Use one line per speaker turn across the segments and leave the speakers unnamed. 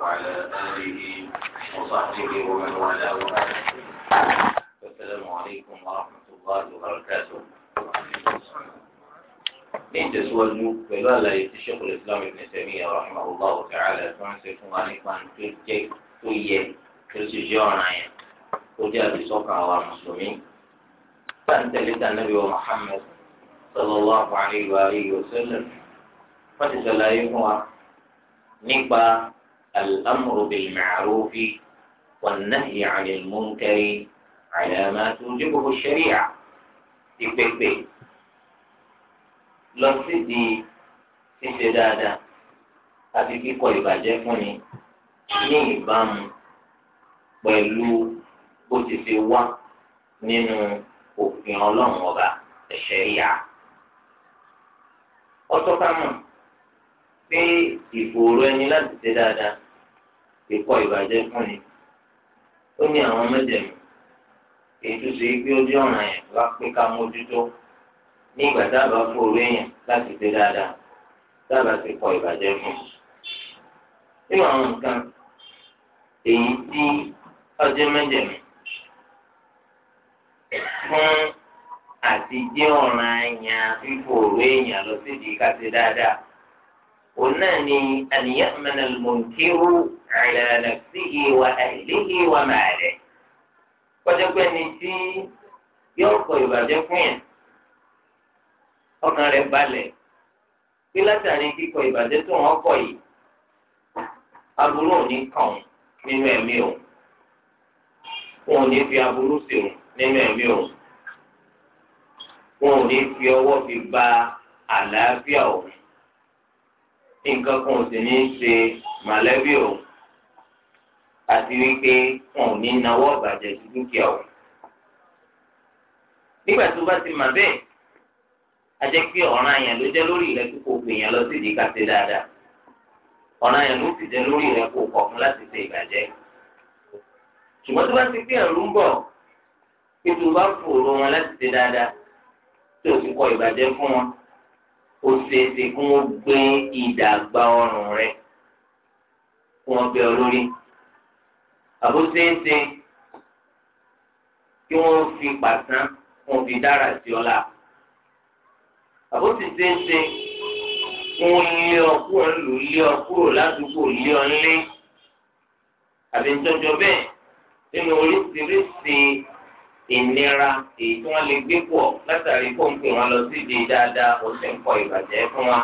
وعلى آله وصحبه ومن والاه وبعد السلام عليكم ورحمة الله وبركاته نتسول مقبلة لا يتشق الإسلام ابن تيمية رحمه الله تعالى فانسكم عليكم تلك تلك تلسجون عين وجاء بسوق على المسلمين فأنت فأنتلت النبي محمد صلى الله عليه وآله وسلم فتسلائهم nípa al-amru bil-ma'rufi wan-nahyi 'anil munkari 'ala ma tujibuhu ash-shari'a ìpèpè lọ sí di ṣíṣe dáadáa àti kíkọ ìbàjẹ́ fúnni ní ìbámu pẹ̀lú bó ti ṣe wá nínú òfin ọlọ́run ọba ẹ̀ṣẹ̀ ìyá. ọtọ́ ká mọ̀ pé ìfòòró ẹni láti ṣe dáadáa ìkọ ìbàjẹ́ fún ni ó ní àwọn mẹ́jẹ̀mú èyí tó ṣe pé ó jẹ́ ọ̀ràn yẹn wá pé ká mójútó ní ìgbà dábàá fòòró èèyàn láti ṣe dáadáa dábàá ti kọ ìbàjẹ́ fún un. nínú àwọn nǹkan èyí tí ọjọ́ mẹ́jẹ̀mú fún àti jẹ́ ọ̀ràn yẹn fífòòró èèyàn lọ sídìí ká ṣe dáadáa. وناني أن يأمن المنكر على نفسه وأهله وماله kọjọpẹ ni tí yóò kọ ìbàjẹ́ fún yẹn ọkàn rẹ̀ balẹ̀ pé látàrí kíkọ ìbàjẹ́ tó wọn kọ yìí aburú ò ní kàn nínú ẹ̀mí o wọn ò ní fi aburú sí o nínú ẹ̀mí o wọn ò ní fi ọwọ́ fi ba àlàáfíà òun nǹkan kan ò sì ní í ṣe mọ̀lẹ́bí o àti wípé wọn ò ní náwó ọ̀bàjẹ́ sí dúkìá o. nígbà tó bá ti mà bẹ́ẹ̀ a jẹ́ pé ọ̀ràn àyàn ló jẹ́ lórí rẹ kó gbìyàn lọ sí ìdí ká ṣe dáadáa ọ̀ràn àyàn ló sì jẹ́ lórí rẹ kó fún láti ṣe ìbàjẹ́ ṣùgbọ́n tó bá ti pé ẹ̀rú ń bọ̀ pé tó bá fòrò wọn láti ṣe dáadáa tó sì kọ ìbàjẹ́ fún wọn ó ṣeéṣe kí wọ́n gbé ìdàgbà ọrùn rẹ kí wọ́n gbé ọ lórí àbó ṣeéṣe kí wọ́n fi pàṣán kí wọ́n fi dára sí ọ la àbó sì ṣeéṣe kí wọ́n lé ọ kúrò lù lé ọ kúrò ládùúgbò lé ọ nlé àbí ntọ́jọ bẹ́ẹ̀ nínú oríṣiríṣi. ìnira èyí tí wọ́n lè gbé pọ̀ látàrí kóńpé wọn lọ sí dáadáa ó sì ń kọ ìbàjẹ́ fún wa.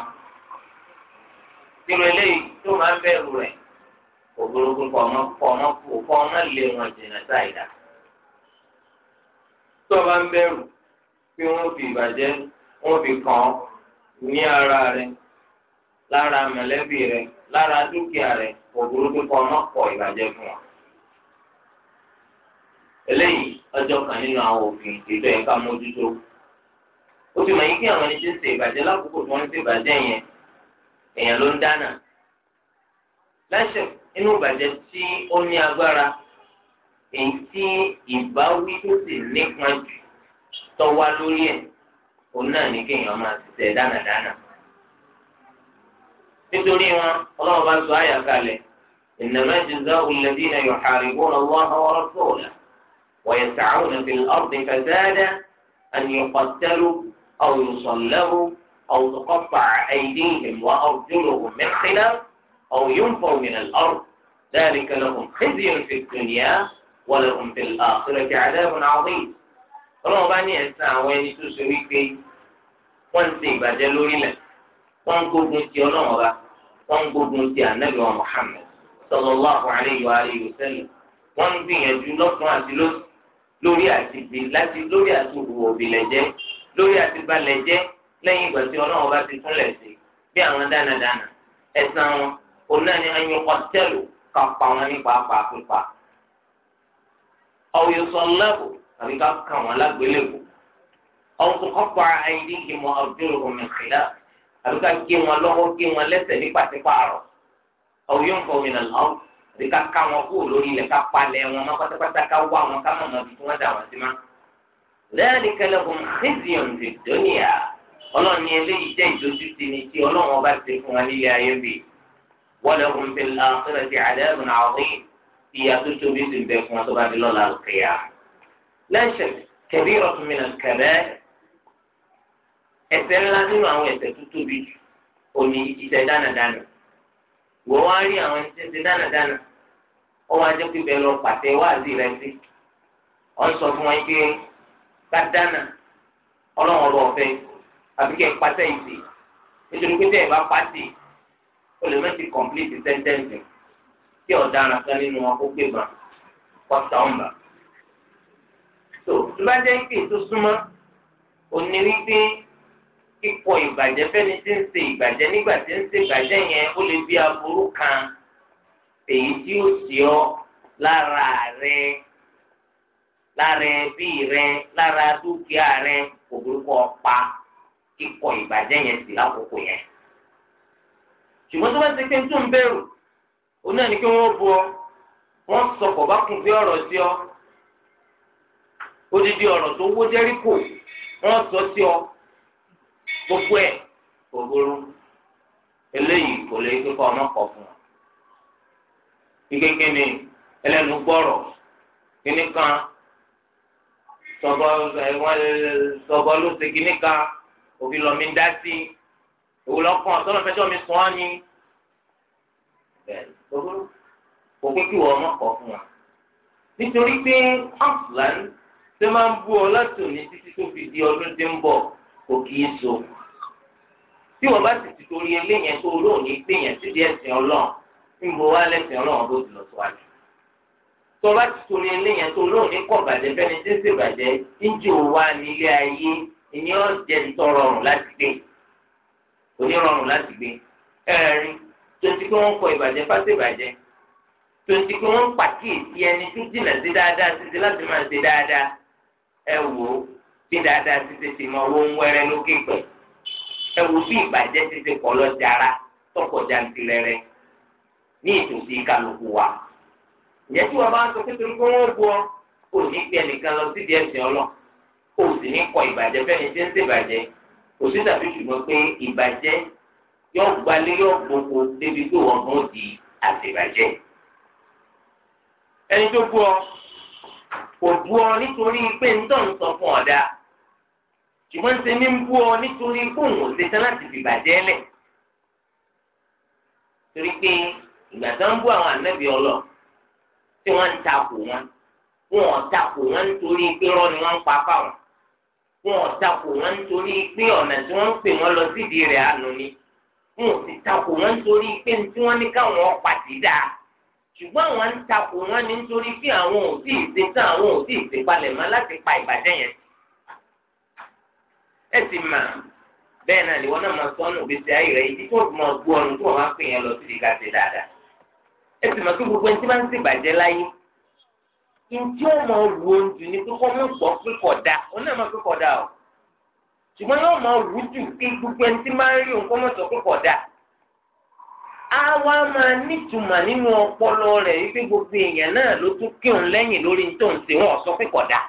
ìrọ̀lẹ́ yìí tó máa ń bẹ̀rù rẹ̀ kò burúkú ọmọ ọmọ ọmọ wọn jìnnà sáìdá. tó bá ń bẹ̀rù wọ́n lọ́jọ́ kan nínú àwọn òfin ètò ẹ̀ka mójútó. ó ti mọ̀ yín kí àwọn ẹni tí ń ṣe ìbàjẹ́ lákòókò tí wọ́n ń ṣe ìbàjẹ́ yẹn èèyàn ló ń dánà. láṣẹ inú ìbàjẹ́ tí ó ní agbára èyí tí ìbáwí tó sì nípa jù tọ́wá lórí ẹ̀ òun náà ní kéèyàn máa ṣiṣẹ́ dánàdánà. nítorí wọn ọlọ́run bá sọ àyà kalẹ̀ innama jaza'u alladhina yuharibuna Allaha wa rasulahu ويسعون في الأرض فسادا أن يقتلوا أو يصلبوا أو تقطع أيديهم وأرجلهم من خلاف أو ينفوا من الأرض ذلك لهم خزي في الدنيا ولهم في الآخرة عذاب عظيم رو باني اسا وين تو سوي بي وان سي باجلو ريلا وان كوغون تي النبي محمد صلى الله عليه واله وسلم وان بي يجو lórí àtìgbè láti lórí àtòwò òbílẹ̀ jẹ́ lórí àtìgbàlẹ̀ jẹ́ lẹ́yìn ìgbà tí ọlọ́run bá ti túnlẹ̀ sí bí àwọn dánadáná ẹ̀sán wọn òun náà ni ayọ̀ ọ̀tẹ́lù ká pa wọn nípa pàápàá ọ̀yọ̀ sọ̀lẹ́bù àbí ká kà wọ́n lágbélébù ọ̀hún tó kọ́kọ́ ayédè kí mo ọ̀dúró omi kìlá àbí ká gé wọn lọ́wọ́ gé wọn lẹ́sẹ̀ nípa tipa àrọ̀ ọ̀yọ̀ nǹkan omi àbí ká ká wọn kúrò lórí ilẹ̀ ká palẹ̀ wọn mọ́ pátápátá ká wá wọn ká mọ̀mọ́ bí wọ́n dà wọ́n sí má. ذلك لهم خزي في الدنيا ọlọ́run ní eléyìí jẹ́ ìdójú ti ni tí ọlọ́run ọba ti fún wa nílé ayé bì walahum fil akhirati adhabun adhim ìyá tó tóbi sì ń bẹ fún wa tó bá di lọ́la àlùkìyà. la shak kabiratun min wọ́n wá rí àwọn ẹni tí ń ṣe dánadáná ó wá jẹ́ pé bẹ́ẹ̀ lọ pàtẹ wáàzì rẹ sí wọ́n sọ fún wọn pé ká dáná ọlọ́run ọ̀rọ̀ ọ̀fẹ́ àbí kẹ́ ẹ pàtẹ ìsì nítorí pé tẹ́ ẹ bá pàtì ó lè mẹ́tì kọ̀m̀plìtì sẹ́ńtẹ́ǹsì kí ọ̀daràn kan nínú wọn kó gbé bá tó tó bá jẹ́ pé tó súnmọ́ òní wípé kíkọ ìbàjẹ́ fẹ́ni tí ń ṣe ìbàjẹ́ nígbà tí ń ṣe ìbàjẹ́ yẹn ó lè bí aburú kan èyí tí ó sì ọ lára rẹ lára ẹbí rẹ lára dúkìá rẹ kò burúkú ọpa kíkọ ìbàjẹ́ yẹn sí lákòókò yẹn. ṣùgbọ́n tó bá ti pé tó ń bẹ̀rù ó náà ní kí wọ́n bu ọ wọ́n sọkọ̀ bá kún bí ọ̀rọ̀ sí ọ odidi ọ̀rọ̀ tó wó jẹ́ríkò wọ́n sọ sí ọ gbogbo ẹ̀ gbogbooro eléyìí kò lè kíkọ ọmọ kọ fún wa kíkékè ni ẹlẹ́nu gbọ́rọ̀ kíní kan sọgbọ ẹwọn sọgbọ ló ṣe kíní kan òbí lọ mi ń dá sí òwúlọ́kàn sọ́nà fẹjọ́ mi sùn á ní gbogbooro kò pé kí wọ́n ọmọ kọ fún wa nítorí pé ọ̀fúlàn tó máa ń bú ọ láti òní títí tó fi di ọdún tí ń bọ̀ kò kì í so tí wọn bá sì ti torí eléyẹn tó olóòní gbìyàn síbi ẹsìn Ọlọ́run ń bo wá lẹsìn Ọlọ́run bó ti lọ síwájú tó bá ti torí eléyẹn tó olóòní kọ bàjẹ́ fẹ́ni tí ń ṣe bàjẹ́ ń jò wá nílé ayé ìyẹn ó jẹ ìtọrọrùn láti gbé onírọrùn láti gbé ẹẹrin tó ti pé wọn kọ ìbàjẹ́ fásitì ìbàjẹ́ tó ti pé wọn pàkíyèsí ẹni tó jìnnà sí dáadáa títí láti máa ṣe dáadáa ẹ wò ó bí dáadáa ẹ wo bí ìbàjẹ́ ti ṣe pọ̀ lọ́jàrá tọkọjá ń tirẹ̀rẹ̀ ní ìtòsí kálukú wa. ìyẹn tí wọn bá ń sọ pé torí pé wọn bu ọ kò ní gbé ẹnìkan lọ síbi ẹsẹ̀ ọlọ kò sì ní kọ ìbàjẹ́ fẹ́ni tí ń ṣèbàjẹ́ kò sí tàbí ṣùgbọ́n pé ìbàjẹ́ yóò gbalé yóò gbogbo débi pé wọn gbọ́n di àṣebàjẹ́. ẹni tó bu ọ kò bu ọ nítorí pé ń tọ́ ń sọ fún ọ̀dà ṣùgbọ́n ń ṣe ní ń bú ọ nítorí kóhùn ò ṣetán láti fìbàjẹ́ lẹ̀ torí pé ìgbà tó ń bú àwọn ànábì ọlọ tí wọ́n ń takò wọn wọn ò takò wọn nítorí pé rọ́ ni wọ́n ń pa fáwọn wọn ò takò wọn nítorí pé ọ̀nà tí wọ́n ń pè wọ́n lọ sídìí rẹ̀ àná ni wọn ò sì takò wọn nítorí pé tí wọ́n ní káwọn ọ̀pá ti dáa ṣùgbọ́n àwọn ń takò wọn nítorí pé àwọn ò tí ẹ sì mà bẹ́ẹ̀ náà ni wọ́n náà máa sọ́nù gbèsè ayé rẹ̀ yìí tó máa gbó ọrùn tó wọ́n pè yẹn lọ sí ìdíkà ṣe dáadáa mà kí gbogbo ẹni tí máa ń ṣe ìbàjẹ́ láyé ọmọ wù ó ní gbọ́ o ṣùgbọ́n yóò máa wù jù kí gbogbo ẹni tí máa ń rí nǹkan sọ pé wá máa nínú ọpọlọ rẹ̀ wípé gbogbo èèyàn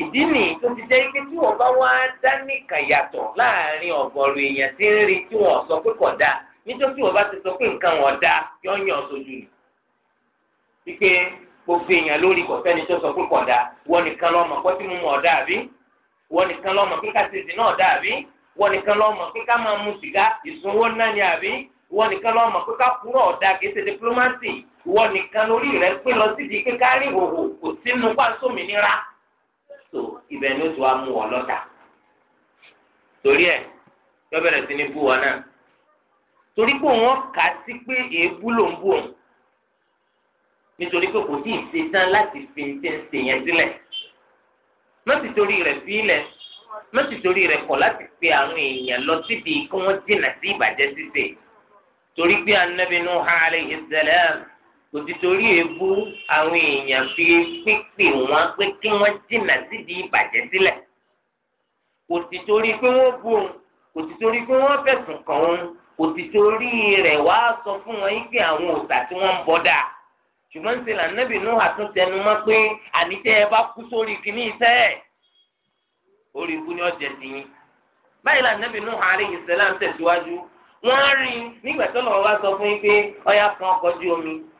ìdí nìyí tó ti jẹ́ pé tí wọ́n bá wá dá nìkan yàtọ̀ láàrin ọ̀gọ̀rọ̀ èèyàn tí ń rí tí wọ́n sọ pé kò dáa nítorí wọ́n bá ti sọ pé nǹkan wọn dáa yọ yàn sójú ni. wípé gbogbo èèyàn lórí kò sẹ́ni tó sọ pé kò dáa wọ́n nìkan lọ́mọ pé tí mo mọ̀ ọ́ dàbí wọ́n nìkan lọ́mọ pé ká ṣèṣì náà dàbí wọ́n nìkan lọ́mọ pé ká máa mu sìgá ìsunwó náà ni àbí wọ́n nìkan lọ́mọ pé ká kúrò ọ̀dà kìí ṣe diplomacy wọ́n nìkan lórí rẹ̀ pé lọ sídìí pé ká kò sínú pàṣọ òmìnira tó ibẹ̀ ni ó ti wá mú ọ lọ́tà torí ẹ̀ yọ bẹ̀rẹ̀ sí ní bú ọ náà torí pé wọ́n kà á sí pé èébú ló ń bú òun nítorí pé kò tíì ṣe tán láti fi ṣe ń ṣe yẹn sílẹ̀ mọ́tì torí rẹ̀ sílẹ̀ mọ́tì torí rẹ̀ kọ̀ láti pe àwọn èèyàn lọ síbi kí wọ́n dènà sí ìbàjẹ́ ṣíṣe torí pé anabi Nuh alayhi salam kò ti torí èébú àwọn èèyàn fi pípè wọn pé kí wọn jìnnà síbi ìbàjẹ́ sílẹ̀ kò ti torí pé wọ́n bú òun kò ti torí pé wọ́n fẹ̀sùn kàn òun kò ti torí rẹ̀ wá sọ fún wọn yín pé àwọn òòṣà tí wọ́n ń bọ dà ṣùgbọ́n ṣe là nẹ́bì nù àtún tẹnu mọ́ pé àníjẹ́ ẹ bá kú sórí kìíní iṣẹ́ ẹ̀ orí ikú ni ọ̀jẹ̀ ti yín báyìí là nẹ́bì nù alayhi salam tẹ̀síwájú wọ́n rí nígbà tó lọ́wọ́ wá sọ fún yín pé ọ̀yà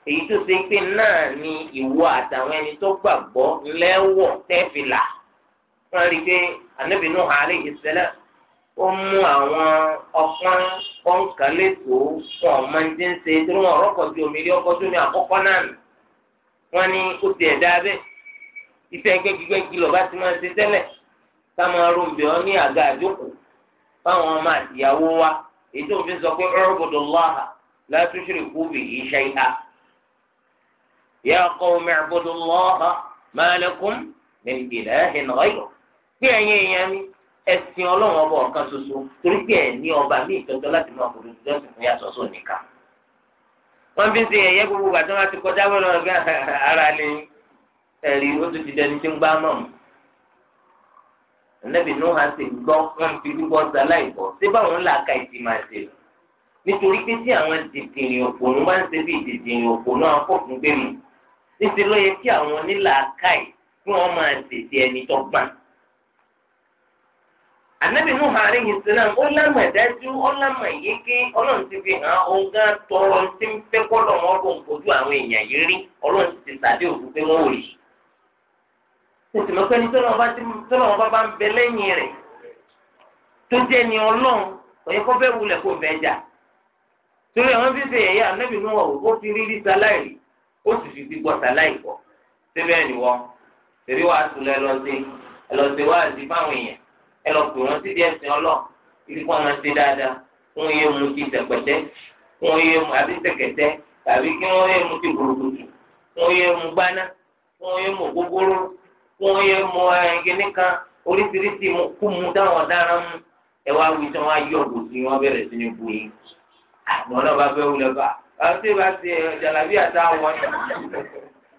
èyí tó ṣe pé náà ni ìwọ àtàwọn ẹni tó gbàgbọ́ lẹ́wọ̀ tẹ́fìlà wọ́n rí i pé ànábì Nuh alayhi salam ó mú àwọn ọpọ́n pọ́ńkálẹ́tò fún ọmọ ẹni ṣe tí wọ́n rọ́pọ̀ sí omi ilé ọkọ̀ tó ní àkọ́kọ́ náà nù wọ́n ní ó ti ẹ̀dá abẹ́ iṣẹ́ gbẹ́gbẹ́gbẹ́ lọ́ba ti máa ṣe tẹ́lẹ̀ ká máa ròǹbẹ̀ ọ́ ní àga àjókòó fáwọn ọmọ àtìyàwó wa èyí tó fi sọ pé u'budullaha la tushriku bihi shay'a يا قوم اعبدوا الله ما لكم من إله غيره bí ẹ̀yin èèyàn mi ẹ̀sìn ọlọ́run ọba ọ̀kan ṣoṣo torí pé ẹ̀ ní ọba ní ìtọ́jọ́ láti máa kòtò ìjọ sì fún yàtọ̀ sóò nìkan. wọ́n fi ń ṣe ẹ̀yẹ́ gbogbo ìgbà tí wọ́n ti kọjá wọ́n lọ́wọ́ gbé ara lé ẹ̀rí ó ti dẹni tí ń gbá mọ̀ mọ́. ẹ̀nẹ́bí ní wọ́n ti gbọ́ wọ́n fi gbígbọ́ sáláì bọ̀ ṣé báwọn là ka ìtì máa ṣe nítorí pé tí àwọn dìdìrín òpònú bá ń ṣe bí dìdìrín òpònú àwọn níṣẹ́ ló yẹ kí àwọn onílàákàyè kí wọ́n máa tètè ẹni tó gbà. Ànábì Nuhu alayhi salam ó lámà dájú ó lámà yéké ọlọ́run ti fi hàn án gán tọrọ tí ń fẹ́ kọ́lọ̀ wọn bò ń kojú àwọn èèyàn yìí rí ọlọ́run ti sàdé òkú pé wọ́n ò rí. Tòtìmọ́pẹ́ ni tọ́lọ́wọ́n bá bá ń bẹ lẹ́yìn rẹ̀ tó jẹ́ ni ọlọ́run òye kọ́ fẹ́ wulẹ̀ kó bẹ́ẹ̀ jà. Torí àwọn fífi ẹ̀yà Ànábì Nuhu ó ó sì fi gbígbọ́ sàláì pọ̀ síbẹ̀ ni wọ́n tẹ̀lé wàá sùn lọ ẹlọ́sìn ẹlọ́sìn wàá di fáwọn èèyàn ẹlọ́pẹ̀ wọn ti di ẹ̀sìn ọlọ́ ibi kí máa ṣe dáadáa wọ́n yé mu ti tẹ̀pẹ̀tẹ́ wọ́n yé mu àbí tẹ̀kẹ̀tẹ́ tàbí kí wọ́n yé mu ti gbòrògbòtò wọ́n yé mu gbaná wọ́n yé mu gbogbooro wọ́n yé mu ẹ̀yìnkìnní kan oríṣiríṣi kú mu dáwọn ọ̀daràn mu ẹ wá wí tí wọ́n á yọ sí wọn bẹ̀rẹ̀ sí ní bu yín àwọn náà bá fẹ́ wúlẹ̀ bá a àti ìbá ti jàlábí àti àwọn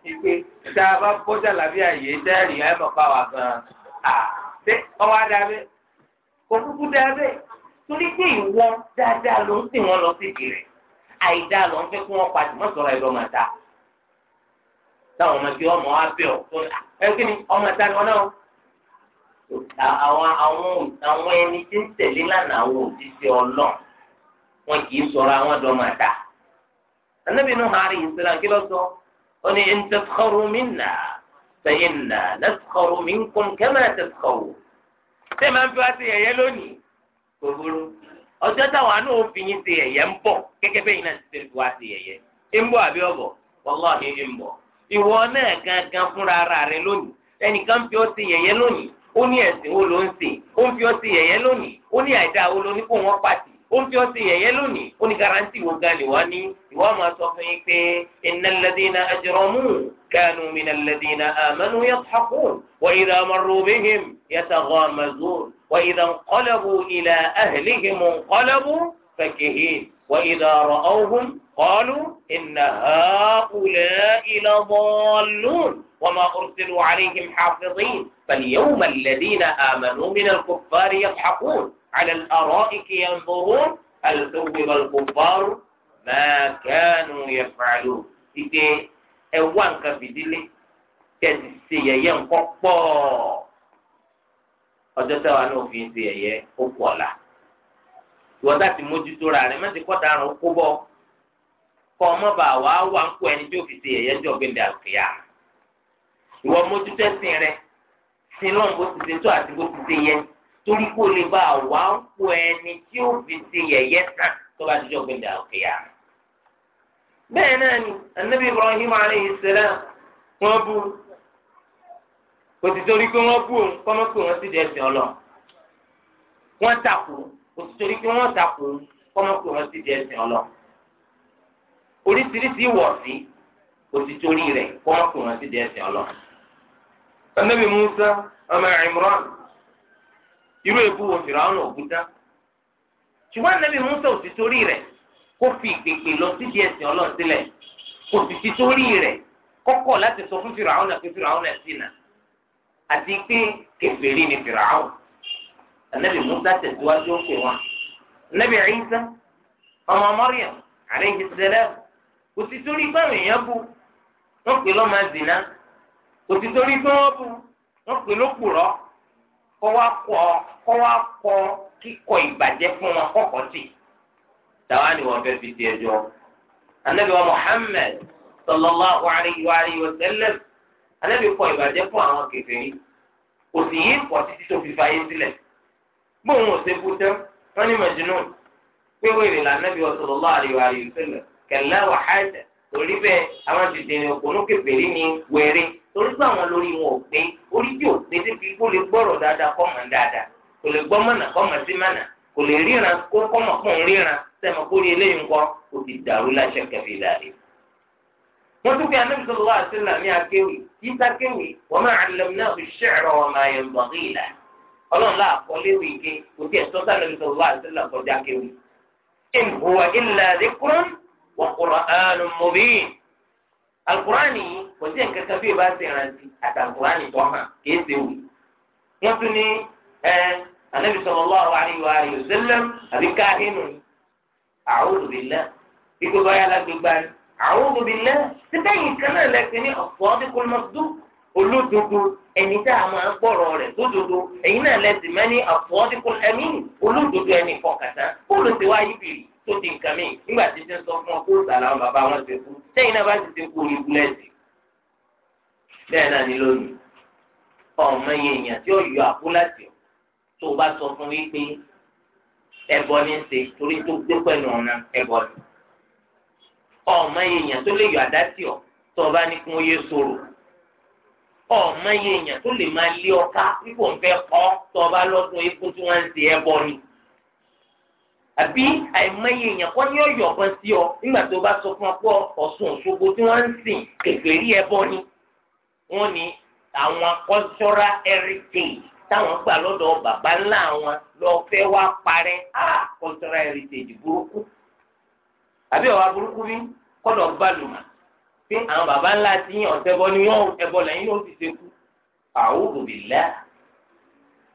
ìpè tá a bá bọ́ jàlábí àyè dẹ́rì ẹ̀ mọ̀ pa wà gan-an. ṣé ọwọ́ adábẹ́ kò kúkú dábẹ́ torí pé ìwọ dáadáa ló ń tì wọ́n lọ sí ìdí rẹ̀ àìdáa ló ń fẹ́ kí wọ́n pàdé mọ́ sọ̀rọ̀ ẹ̀rọ màtá. táwọn ọmọ tí ọmọ wa bẹ̀ ọ́ ẹ kí ni ọmọ ta ni wọn náà àwọn àwọn àwọn ẹni tí ń tẹ̀lé lánàá àwọn òṣìṣẹ́ ọlọ́ọ̀ wọn kì í sọ̀rọ̀ àwọn dọ́màtà anabi nuhu alayhi salam kí ló sọ ó ní in taskharu minna fa inna naskharu minkum kama taskharu ṣé máa ń fi wá sí ẹ̀yẹ́ lónìí kò burú ọjọ́ táwọn àánú òfin yín ti ẹ̀yẹ́ ń bọ̀ gẹ́gẹ́ bẹ́ẹ̀ yín náà ti fi wá sí ẹ̀yẹ́ ń bọ̀ àbí ọ̀bọ̀ wàláhì ń bọ̀ ìwọ náà gangan fúnra ara rẹ lónìí ẹnìkan fi ó sí ẹ̀yẹ́ lónìí ó ní ẹ̀sìn wo ló ń sìn ó ń fi ó sí ẹ̀yẹ́ lónìí ó ní àìdá wo ló ní kó wọ́n pàtì ó fi ọtí yẹyẹ lónìí ó ní garanti wo gan ni wá ní ìwà máa sọ fún yín pé innal ladina ajramu kanu minal ladina amanu yadhakun wa idha marru bihim yataghamazun wa idha inqalabu ila ahlihim inqalabu fakihin wa idha ra'awhum qalu inna ha'ula'i ladallun وما أرسلوا عليهم حافظين فاليوم الذين آمنوا من الكفار يضحكون على الأرائك ينظرون هل ثوب الكفار ما كانوا يفعلون إذا ẹwà nǹkan fìdílé kẹsì ṣe yẹ̀yẹ́ nǹkan pọ̀ ọjọ́ táwa náà fi ń ṣe yẹ̀yẹ́ ó pọ̀ la ìwọ láti mójútó ra rẹ mẹsì kọta àrùn kó bọ kọ ọmọ bá wa wà ń kó ẹni tí ó fi ṣe jọ gbẹndẹ àlùkìyà ìwọ mójútó ẹ̀sìn rẹ sin bó ti ṣe tó àti bó ti ṣe yẹ torí kó lè bá wà ń pò ẹni tí ó fi ṣe yẹ̀yẹ́ tàn tó bá dijọ́ gbẹ̀dẹ̀ àkèyà. bẹ́ẹ̀ náà ni anabi ibrahim aleyhi salam wọ́n bú kò sì torí pé wọ́n bú òun kọ́mọ́ pé wọ́n sì dẹ̀ ẹ̀sìn ọlọ́ wọ́n takò kò sì torí pé wọ́n takò kọ́mọ́ pé wọ́n sì dẹ̀ ẹ̀sìn ọlọ́ oríṣiríṣi ìwọ̀sí kò sì torí rẹ̀ kọ́mọ́ pé wọ́n sì dẹ̀ ẹ̀sìn ọlọ́ anabi musa ọmọ imran irú ebu wo fìràwọn ògúdá ṣùgbọ́n nàbí musa ò ti torí rẹ̀ kó fi ìpèpè lọ síbi ẹ̀sìn ọlọ́run sílẹ̀ kò sì ti torí rẹ̀ kọ́kọ́ láti sọ fún fìràwọn náà pé fìràwọn náà sì nà àti pé kèfèrí ni fìràwọn nàbí musa tẹ̀síwájú ó pè wọn nàbí Ìsá ọmọ Maryam alayhi salam kò sì torí báwọn èèyàn bu wọn pè lọ́ọ́ kọ́ wá kọ́ kọ́ wá kọ́ kíkọ ìbàjẹ́ fún wọn kọ́kọ́ sí i. tàwa ni wọn fẹ́ fi di ẹjọ́ anabi wa muhammed sallallahu alayhi wa alayhi wa sallam anabi kọ ìbàjẹ́ fún àwọn kèfèrí kò sì yí pọ̀ títí tó fi fàyè sílẹ̀ bóun ò ṣe bútẹ́ wọn ní màjínú pé wèrè la anabi wa sallallahu alayhi wa alayhi wa sallam kẹlẹ́ wàhálà torí bẹ́ẹ̀ àwọn ti dèrè òkùnú kèfèrí ni torí pé àwọn lórí wọn ò pé orí tí ò pé débi kó lè gbọ́rọ̀ dáadáa kọ́ mọ̀ dáadáa kò lè gbọ́ mọ̀nà kọ́ mọ̀ sí mọ̀nà kò lè ríran kó kọ́ mọ̀ pọ̀ ń ríran sẹ́mọ̀ kó rí eléyìí ńkọ́ kò ti dàrú láṣẹ kẹfì láàrin. wọ́n tún fi anábì sọ̀rọ̀ wá sí làmí akéwì yíta kéwì wọ́n máa àlẹ́mìnà fi ṣẹ̀rọ̀ wọn máa yẹ mbọ̀rí ìlà ọlọ́run láà alukurani yìí kò sí nǹkan kan bí ìbá ṣe rántí àti alukurani tó hàn kìí ṣe wù. wọ́n tún ní ẹ anabi sallallahu alaihi wa alihi wasallam àbí káhínù a'udhu billah ikú báyà lágbègbè àyè a'udhu billah síbẹ̀ yìí kan náà lẹ́sìn ní ọ̀pọ̀ ọdún kò mọ̀ olódodo ẹni tá a máa gbọ́rọ̀ rẹ̀ lódodo ẹ̀yin náà lẹ́sìn mẹ́ni àfọ́díkùn ẹ̀mí olódodo ẹni fọkàtà bóòlù ti wá yí bìrì tó di nǹkan mi nígbà tí ti ń sọ fún ọ kó sàlà àwọn bàbá wọn ti kú sẹ́yìn náà bá ti ti kú orí búlẹ́ẹ̀sì bẹ́ẹ̀ náà ni lónìí ọmọ yẹn èèyàn tí ó yọ àpò láti ọ tó o bá sọ fún mi pé ẹbọ ní ṣe torí tó gbé pẹ̀lú ọ̀nà ẹbọ ni ọmọ yẹn èèyàn tó lè yọ àdá sí ọ tó o bá ní kún ó ọmọ iye èèyàn tó lè máa lé ọká pípò ń fẹ́ kọ́ tó ọba lọ́dún epo tí wọ́n ń ṣe ẹbọ ni. àbí àìmọye èèyàn kọ́ ní ọ̀yọ̀ kan sí ọ nígbà tó bá sọ fún ọ pé Ọ̀ṣun Òṣogbo tí wọ́n ń sìn kẹfẹ́ rí ẹbọ ni. wọ́n ní àwọn cultural heritage táwọn gbà lọ́dọ̀ bàbá ńlá wọn lọ fẹ́ wá parẹ́ ah cultural heritage burúkú. àbí ọ̀wá burúkú bí kọ́dọ̀ gbàlùmọ̀ pé àwọn baba ńlá ti yàn ọ̀sẹ̀bọ ni yàn ẹ̀bọ lẹ́yìn yóò ti ṣe kú àwòrán ìlà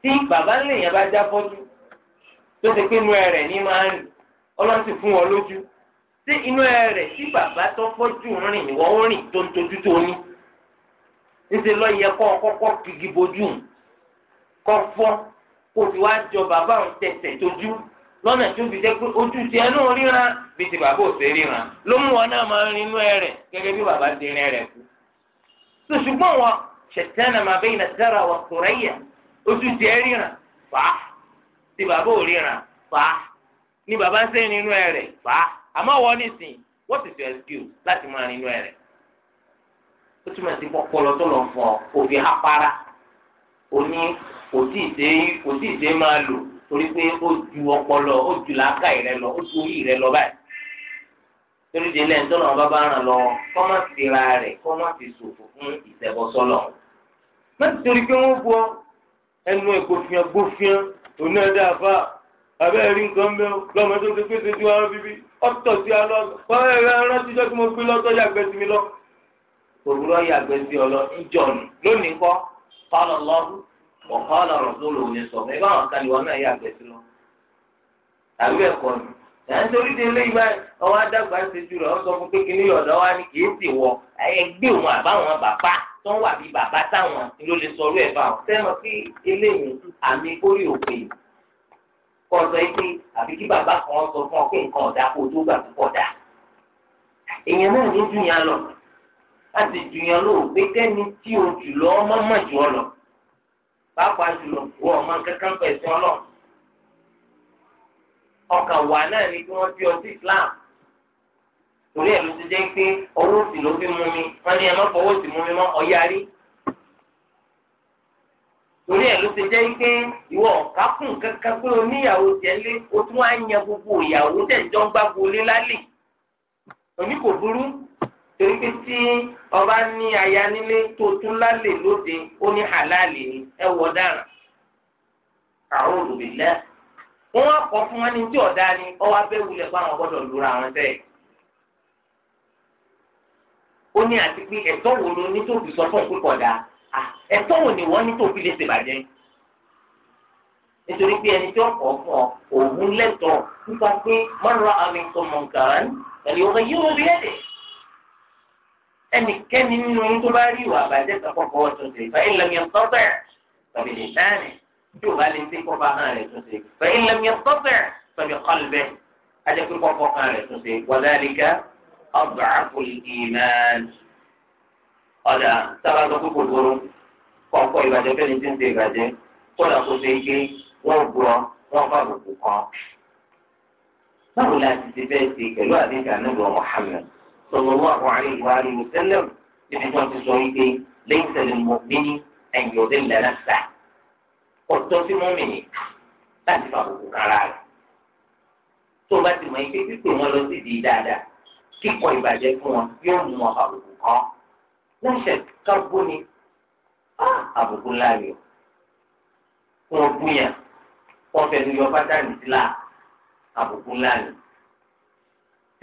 tí baba ńlá yẹn bá já fọ́jú tó ṣe pé inú ẹ̀rẹ̀ ní máa ń rìn ọlọ́run ti fún wọn lójú sí inú ẹ̀rẹ̀ tí baba tó fọ́jú rìn ìwọ ń rìn tó ń tojú tó ní níṣẹ́ lọ yẹ kọ́ kọ́kọ́ kìgì bojú kọ́ fọ́ kó fi wá jọ bàbá òun tẹ̀sẹ̀ tójú lọ́nà tó ó fi jẹ́ pé ojú ti ẹnu ríran bí ti bàbá ò ṣe ríran ló mú wọn náà máa rin inú ẹ gẹ́gẹ́ bí bàbá ti rin rẹ̀ kú. ṣùgbọ́n wọn ṣètẹ́nà máa bẹ́yìn náà dára wọn kò rẹ́yà ojú ti ni bàbá ń ṣe rin inú ẹ fà á àmọ́ what is your láti máa rin inú ẹ torí pé ó ju ọpọlọ ó ju làákàyè rẹ lọ ó ju orí rẹ lọ báyìí torí délé ń tọ́nà bá bá ràn lọ kọ́ má ti ra rẹ̀ kọ́ má ti ṣòfò fún ìṣẹ̀bọ̀sọ́lọ̀ má ti torí pé wọ́n bọ ẹnu ẹ̀gbọ́fìàn gbọ́fìàn òun náà dáa fà abẹ́ rí nǹkan mẹ́ o lọ́mọ tó ti pèsè tí wọ́n bíbí ọ̀tọ̀ sí alọ́ wọ́n ẹ̀rọ rántí jọ́ kí mo gbé lọ́tọ́ yàgbẹ́ sí mi lọ. òwúrọ̀ yàgbẹ́ sí ọ lọ lónìí kọ́ fọlọ́ ọ̀kọ́lá rọ̀sọ́lù òní sọ fún ẹ báwọn kan ìwọ náà yà gbẹ sí lọ.
àbí ẹ̀kọ́ ni
ẹ̀ ń torí de ilé ìgbà ọwọ́ adágbà ń ṣe jù rẹ̀ pé wa ni wọ ẹgbẹ́ òun àbáwọn bàbá tó ń wà bàbá táwọn ló lè sọ ẹ̀ bá wọn. sí àmì orí òkè kọ́ sọ bàbá kan sọ fún ọ pé nǹkan ọ̀dà tó gbà
náà
lọ láti kẹ́ni tí o jù pàápàá jùlọ wọ ọmọ kankan pẹ̀ sí ọlọ́ ọkàn wà náà ni kí wọ́n fi ọtí Islam torí ẹ̀ ló ti jẹ́ pé ọwọ́ òsì ló fi mú mi wọ́n ní ẹ má fọwọ́ òsì mú mi mọ́ ọ̀yarí torí ẹ̀ ló ti jẹ́ pé ìwọ ọ̀kákùn kankan pé oníyàwó tẹ̀lé o tún wá ń yan gbogbo ìyàwó tẹ̀ ń ń gbàgbó lé lálẹ́ òní burú torí pé tí ọba ní aya nílé tó tún lálẹ́ lóde ó ní halali ni ẹ wọ dára àwọn olùbílẹ̀ wọn kọ fún wọn ní tí ọ̀dá ni ọwọ́ abẹ́ wulẹ̀ fún àwọn gbọ́dọ̀ lura wọn sẹ́yìn ó ní àti pé ẹ̀tọ́ wo ló ní tó fi sọ fún ìpínpọ̀ dá ẹ̀tọ́ wo ni wọ́n ní tó lè ṣe nítorí pé ẹni tí ó kọ̀ fún ọ òun lẹ́tọ̀ọ́ nípa pé mọ́nrọ́ àmì kọ̀mọ̀nkàrán ẹ̀lẹ́ òun yóò rí ẹ̀dẹ̀ أن كان منه يتباري وأبادت أفقه فإن لم يستطع فبلسانه يغال في قربانه فإن لم يستطع فبقلبه هذا في قربانه وذلك أضعف الإيمان هذا تغاد في قدر فقه إبادة فلنسان قل أصوصيك وربوا وفاقوا لا تسيبه سيكلوا أذنك أن محمد sallallahu alaihi wa alihi wasallam ibi tí wọ́n ti sọ wípé laysa lil mu'mini an yudilla nafsahu ọ̀tọ́ sí mọ́mìnì láti fa àbùkù kára rẹ̀ tó o bá ti mọ̀ ike pípé wọn lọ sí di dáadáa kíkọ ìbàjẹ́ fún wọn yóò mú wọn àbùkù kan lẹ́sẹ̀ ká gbóni àbùkù láàyò wọn búyàn wọn fẹnu yọ bá dání sílá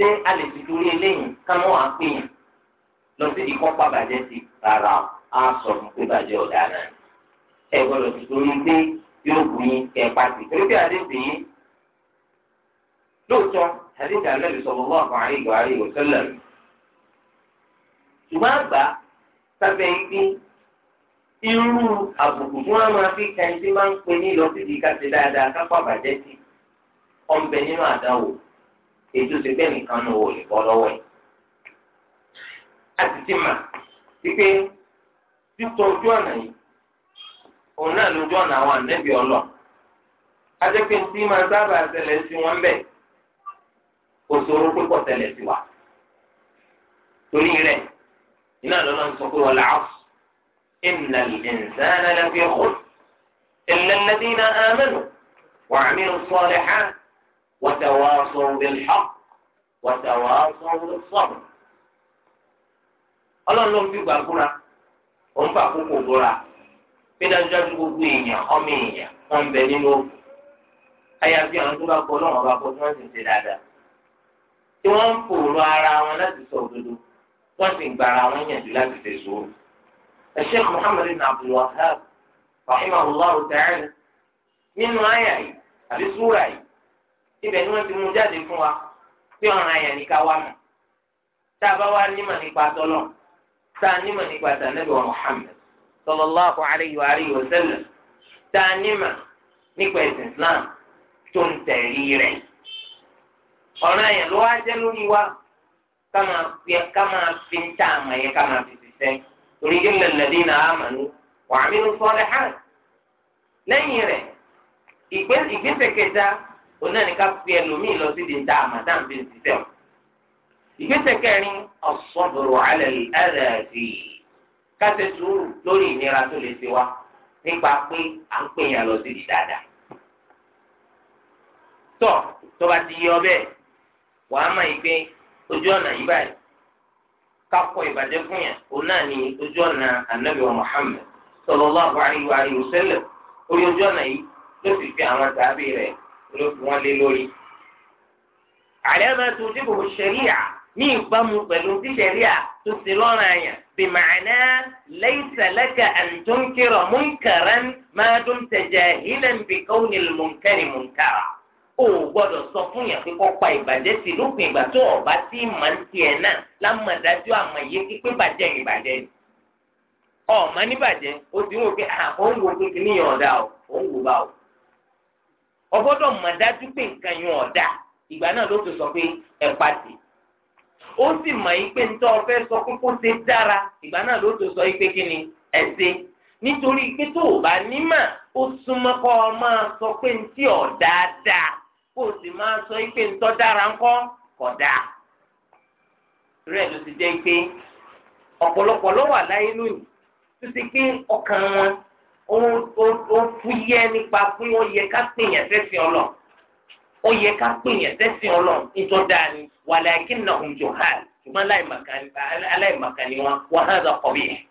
ṣé a lè fi torí eléyìí ká mọ́ wàá pè yàn lọ sí ìkọ́pá bàjẹ́ sí rárá a sọ fún pé bàjẹ́ ọ̀dà náà ẹ gbọ́dọ̀ fi torí pé yóò bù yín kẹ́ pàṣẹ torí pé àdéhùn yín lóòótọ́ àdéhùn àlẹ́bí sọ̀rọ̀ wọ́n àfọ̀ àríwá àríwá sẹ́lẹ̀ ṣùgbọ́n àgbà sábẹ́ yín pín irú àbùkù tí wọ́n máa fi kẹ́ńtì máa ń pè ní lọ sí ìdíkàṣe dáadáa kápá bàjẹ́ sí ọ̀nbẹ nínú àdáwò ètò ti bẹ́ẹ̀ nìkan ní owó lè bọ́ lọ́wọ́ ẹ̀. a ti ti mà wípé títọ ojú ọ̀nà yìí òun náà lójú ọ̀nà àwọn ànẹ́bí ọlọ́ adékè tí máa sábà ṣẹlẹ̀ sí wọn bẹ̀ kò sóró pípọ̀ ṣẹlẹ̀ sí wa torí rẹ̀ iná lọ́nà ń sọ pé wọ́n làásù ìnà ìdẹ̀nsán lẹ́fẹ̀ẹ́ kù ìlẹ̀lẹ́dínà àmẹ́nu wàá mí sọ̀rẹ̀ hàn. وتواصوا بالحق وتواصوا بالصبر ọlọ́run ló ń fi gbàgbóra ó ń fàkókò bóra bí dájúdájú gbogbo èèyàn ọmọ èèyàn wọn bẹ nínú òkú àyàfi àwọn tó bá kọ ọba kọ tí sì ń ṣe dáadáa tí ń ara wọn láti sọ òdodo sì ń gbara wọn yànjú láti nínú àyà yìí àbí yìí ibẹ̀ ni wọ́n ti mú jáde fún wa pé ọ̀ràn àyàn ní ká wá tá a bá wá nímọ̀ nípa tọ́lọ̀ tá a nímọ̀ nípa tànàbí wa Muhammad tá a nímọ̀ nípa ẹ̀sìn Islam tó ń tẹ̀lé rẹ̀ ọ̀ràn àyàn ló wá jẹ́ lórí wa ká máa fi ń tà àmọ̀ yẹn ká máa fi torí kí wa amilu salihat lẹ́yìn rẹ̀ ìgbésẹ̀ kẹta. òun náà ní ká fi ẹlòmíì lọ sí di dáa màdàm fi ṣiṣẹ́ o. ìgbésẹ̀ kẹrin as-sabru ala al-adhi ká ṣe sùúrù lórí ìnira tó lè ṣe wá nípa pé à ń pèèyàn lọ sí di dáadáa. tọ́ tó bá ti ọ bẹ́ẹ̀ wàá mọ̀ yìí pé ojú ọ̀nà yìí báyìí kakọ ìbàjẹ́ fún yẹn òun ní ojú ọ̀nà anabi wa orí ojú ọ̀nà yìí ló sì fi àwọn tàbí rẹ̀ ló fi wọ́n lé lórí. àlẹ́ máa tún dìbò ṣẹ̀ríà ní ìbámu pẹ̀lú tí ṣẹ̀ríà tó ti lọ́rùn àyàn bí màánà laysa laka an tunkira munkaran ma dumta jahilan bi kawni al-munkari munkara. o gbọ́dọ̀ sọ fún yàn pé kọ́pa ìbàjẹ́ ti lópin ìgbà tó ọ̀bá tí màá ń tiẹ̀ náà lámọ̀dájú àmọ̀yé pípé bàjẹ́ ìbàjẹ́ ni ọmọ níbàjẹ́ o ti ah, ń wo pé àwọn ń wo yàn ọ̀dà o ò bá o ọgbọ́dọ̀ mọ̀ dájú pé nǹkan yẹn ọ̀dà ìgbà náà ló tó sọ pé ẹ pàdé ó sì mọ̀ yín pé nítorí ọ̀fẹ́ sọ pé kó ṣe dára ìgbà náà ló tó sọ yín pé kí ni ẹ ṣe nítorí pé tó o bá nímọ̀ ó súnmọ́ kọ́ ọ máa sọ pé ní tí ọ̀ dáadáa kó o sì máa sọ yín pé ní tọ́ dára ńkọ́ kọ̀ dáa rẹ̀ ló ti jẹ́ pé ọ̀pọ̀lọpọ̀ ló wà láyé lónìí tó ti pé ọkàn wọn ó fúyẹ́ nípa pé ó yẹ ká pèèyàn sẹ́sìn ọ̀nà ó yẹ ká pèèyàn sẹ́sìn ọ̀nà nítorí dáa ni walakinnahum juhal ṣùgbọ́n aláìmàkà ni wọn wọn hàn án kọ̀wé yẹn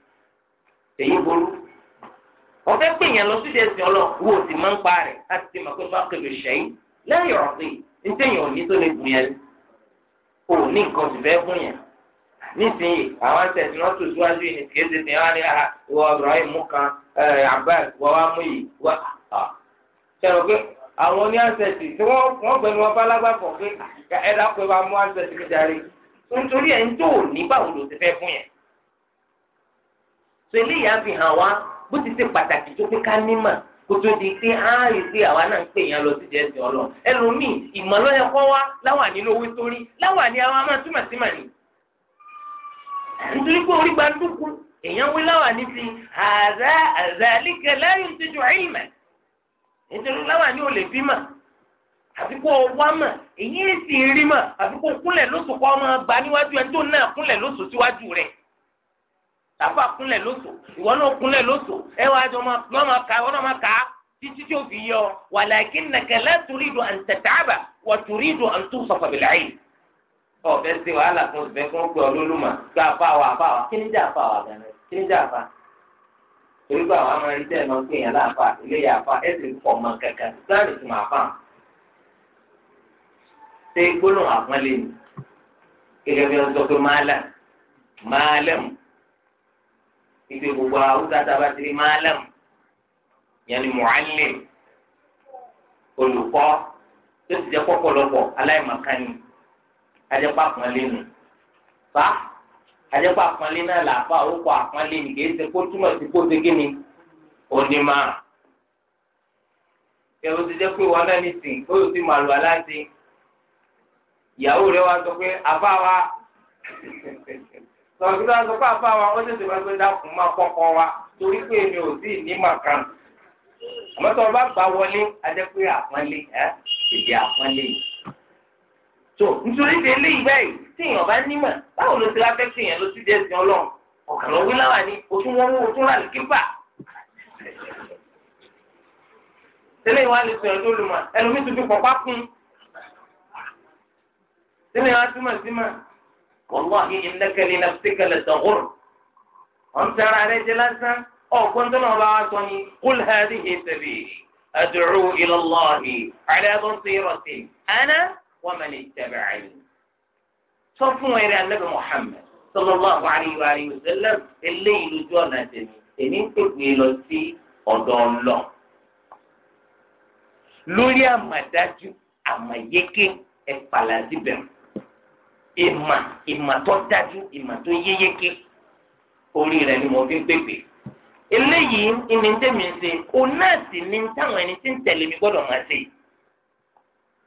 èyí burú wọn fẹ́ pèèyàn lọ sí ẹ̀sìn ọ̀nà wo sì máa ń pa rẹ̀ láti ti mọ̀ pé bá ṣẹ́yìn lẹ́yìn ọ̀sìn ní tẹ̀yìn òní tó lè gùn yẹn kò ní nǹkan sì nísìnyí àwọn àtẹ̀sí wọn tó síwájú yìí nìkì éṣe fi hàn ní ha ah, wọ Ibrahim mú kan eh, Abbas wọ́n wá mú yìí wá ṣẹlẹ̀ pé àwọn oní àtẹ̀sí tí wọ́n gbẹ̀mí wọn bálágbá pọ̀ pé ah, ẹ dákun ẹ bá mú àtẹ̀sí mi darí nítorí ẹ̀ ń tó ní báwo ló ti fẹ́ fún yẹn. sọ eléyìí á fi hàn wá bó ti ṣe pàtàkì tó pé ká nímà kótó di pé á ah, rí pé àwa náà ń pè yẹn lọ sí jẹ́sìn ọlọ ẹlòmíì ìmọ̀lọ́yẹ kọ́ láwọn àní lówó sórí láwọn àní àwọn amátúmọ̀símọ̀ ni nítorí pé orí gba dúkú èèyàn wí láwà ní ti àzá àzàlíkẹ lẹ́yìn tí ju àyìnbá nítorí láwà ní olè bímọ àfi kó wá mà èyí sì ń rí mà àfi kó kúnlẹ̀ lóṣù kọ́ ọmọ gba níwájú ẹni tó náà kúnlẹ̀ lóṣù síwájú rẹ̀ tàbá kúnlẹ̀ lóṣù ìwọ náà kúnlẹ̀ lóṣù ẹ wá jọ máa kà ọ náà máa kà títí tí ó fi yọ wàlàkì nàkẹ́lẹ́ torí do àǹtẹ̀tàbà wà torí do àǹtúnṣọ̀fọ̀bìlà yìí ọ̀fẹ́ ṣe wàhálà kan ṣùgbọ́n kí wọ́n pè ọ́ lólùmọ̀ gba àfàwà àfàwà kí ni jẹ́ àfàwà gánà kí ni jẹ́ àfà torí pé àwọn ọmọ ẹni tẹ́ ẹ̀ máa ń pè yàn láàfà ilé yà àfà ẹ̀ sì ń pọ̀ mọ́ kankan sáàrì tó máa fà ṣé gbólóhùn àpọ́nlé ni gẹ́gẹ́ bí wọ́n sọ pé máàlà máàlẹ́mù ìpè gbogbo haúsá tábà ti rí máàlẹ́mù yẹn ni mùálẹ̀ olùkọ́ tó ti jẹ́ pọ̀pọ̀lọpọ̀ aláìmọ̀kánì ajẹ́pọ̀ àpọ́nlé nù fa ajẹ́pọ̀ àpọ́nlé náà làáfà orúkọ àpọ́nlé nì kìí ṣe kó túmọ̀ sí kó ṣe kíni onímọ̀ ẹ̀rọ ti jẹ́ pé wọn náà ní sìn ó yóò ti máa lù aláǹtí ìyàwó rẹ wá sọ pé àbá wa sọ̀rọ̀ kí ló ń sọ pé àbá wa ó tètè máa gbé dákun máa kọ́kọ́ wa torí pé èmi ò sí ní màkàn àmọ́ tí wọ́n bá gbà wọlé ajẹ́pẹ́ àpọ́nlé ẹ̀ ìdí àpọ́nlé yìí tó nítorí pé ilé ìgbà yìí tí èèyàn bá nímọ̀ báwo ló ti wá fẹ́ fi èèyàn lọ sí jẹ́ ìsìn ọlọ́run ọ̀kàn lọ wí láwà ní oṣù wọn wó oṣù rà lùkípà. tẹ́lẹ̀ ìwà lè sọ̀rọ̀ tó lùmọ̀ ẹlòmíì tó fi pọ̀pá kún. tẹ́lẹ̀ ìwà símọ̀ símọ̀ wàláhi ìnákẹ́lẹ́ náà ti kẹlẹ̀ dọ̀gùr. wọ́n tẹ́ra rẹ jẹ lásán ọ̀gbọ́n tó náà bá sọ ni kúl hàdí ìtẹ̀bí ad'u ila Allahi wa man ittaba'ani. sọ fún wọn eré anábì Muhammad sallallahu alayhi wa alihi wa sallam eléyìí lójú ọ̀nà tèmi èmi ń pèpè lọ sí ọ̀dọ̀ ọlọ́ lórí àmàdájú àmàyéké ẹ̀pàlà síbẹ̀ ìmà ìmà tó dájú ìmà tó yéyéké orí rẹ̀ ni mo fi ń pèpè eléyìí ìní tèmi ń ṣe òun náà sì ní táwọn ẹni tí ń tẹ̀lé mi gbọ́dọ̀ máa ṣe yìí.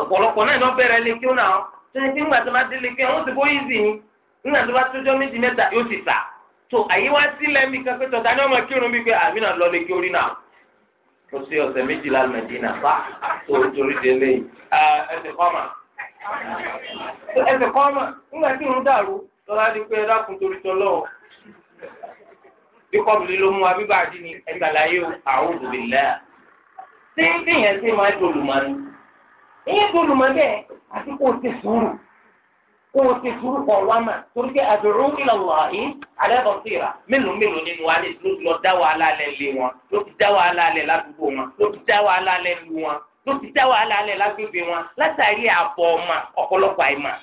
ọ̀pọ̀lọpọ̀ náà lọ bẹ̀rẹ̀ lé kí ó náà tẹ́lẹ̀ tí ńgbà tó bá délé kí wọ́n ti bó yízi ni ńgbà tó bá tójọ́ méjì mẹ́ta yóò ti sà tó àyè wá sílẹ̀ mi kan pé tọ̀tà ni ọmọ kírun bí pé àmì náà lọ lé kí ó rí náà kò sí ọ̀sẹ̀ méjìlá mẹ́dínà bá tó torí délé ẹsẹ̀ kọ́mà ẹsẹ̀ kọ́mà ńgbà tí ń dàrú lọ́la di pé ẹ̀dákun torí tọ́lọ́ bí kọ́bìlì ló mú wa bíbá àdínní ẹgbàláyé àwọn òbí lẹ́yà tí bí yẹn ti máa dolùmọ́ ni èyí tó lùmọ̀ bẹ́ẹ̀ àti kò ti sùúrù kò ti sùúrù kọ̀ wá mà torí pé àdùrú ilallahi ala basira mélòó mélòó nínú wa ló ti lọ dá wàhálà alẹ́ lé wọn ló ti dá wàhálà alẹ́ ládùúgbò wọn ló ti dá wàhálà alẹ́ lu wọn ló ti dá wàhálà alẹ́ lágbègbè wọn látàrí àbọ̀ ọmọ ọ̀pọ̀lọpọ̀ àìmọ̀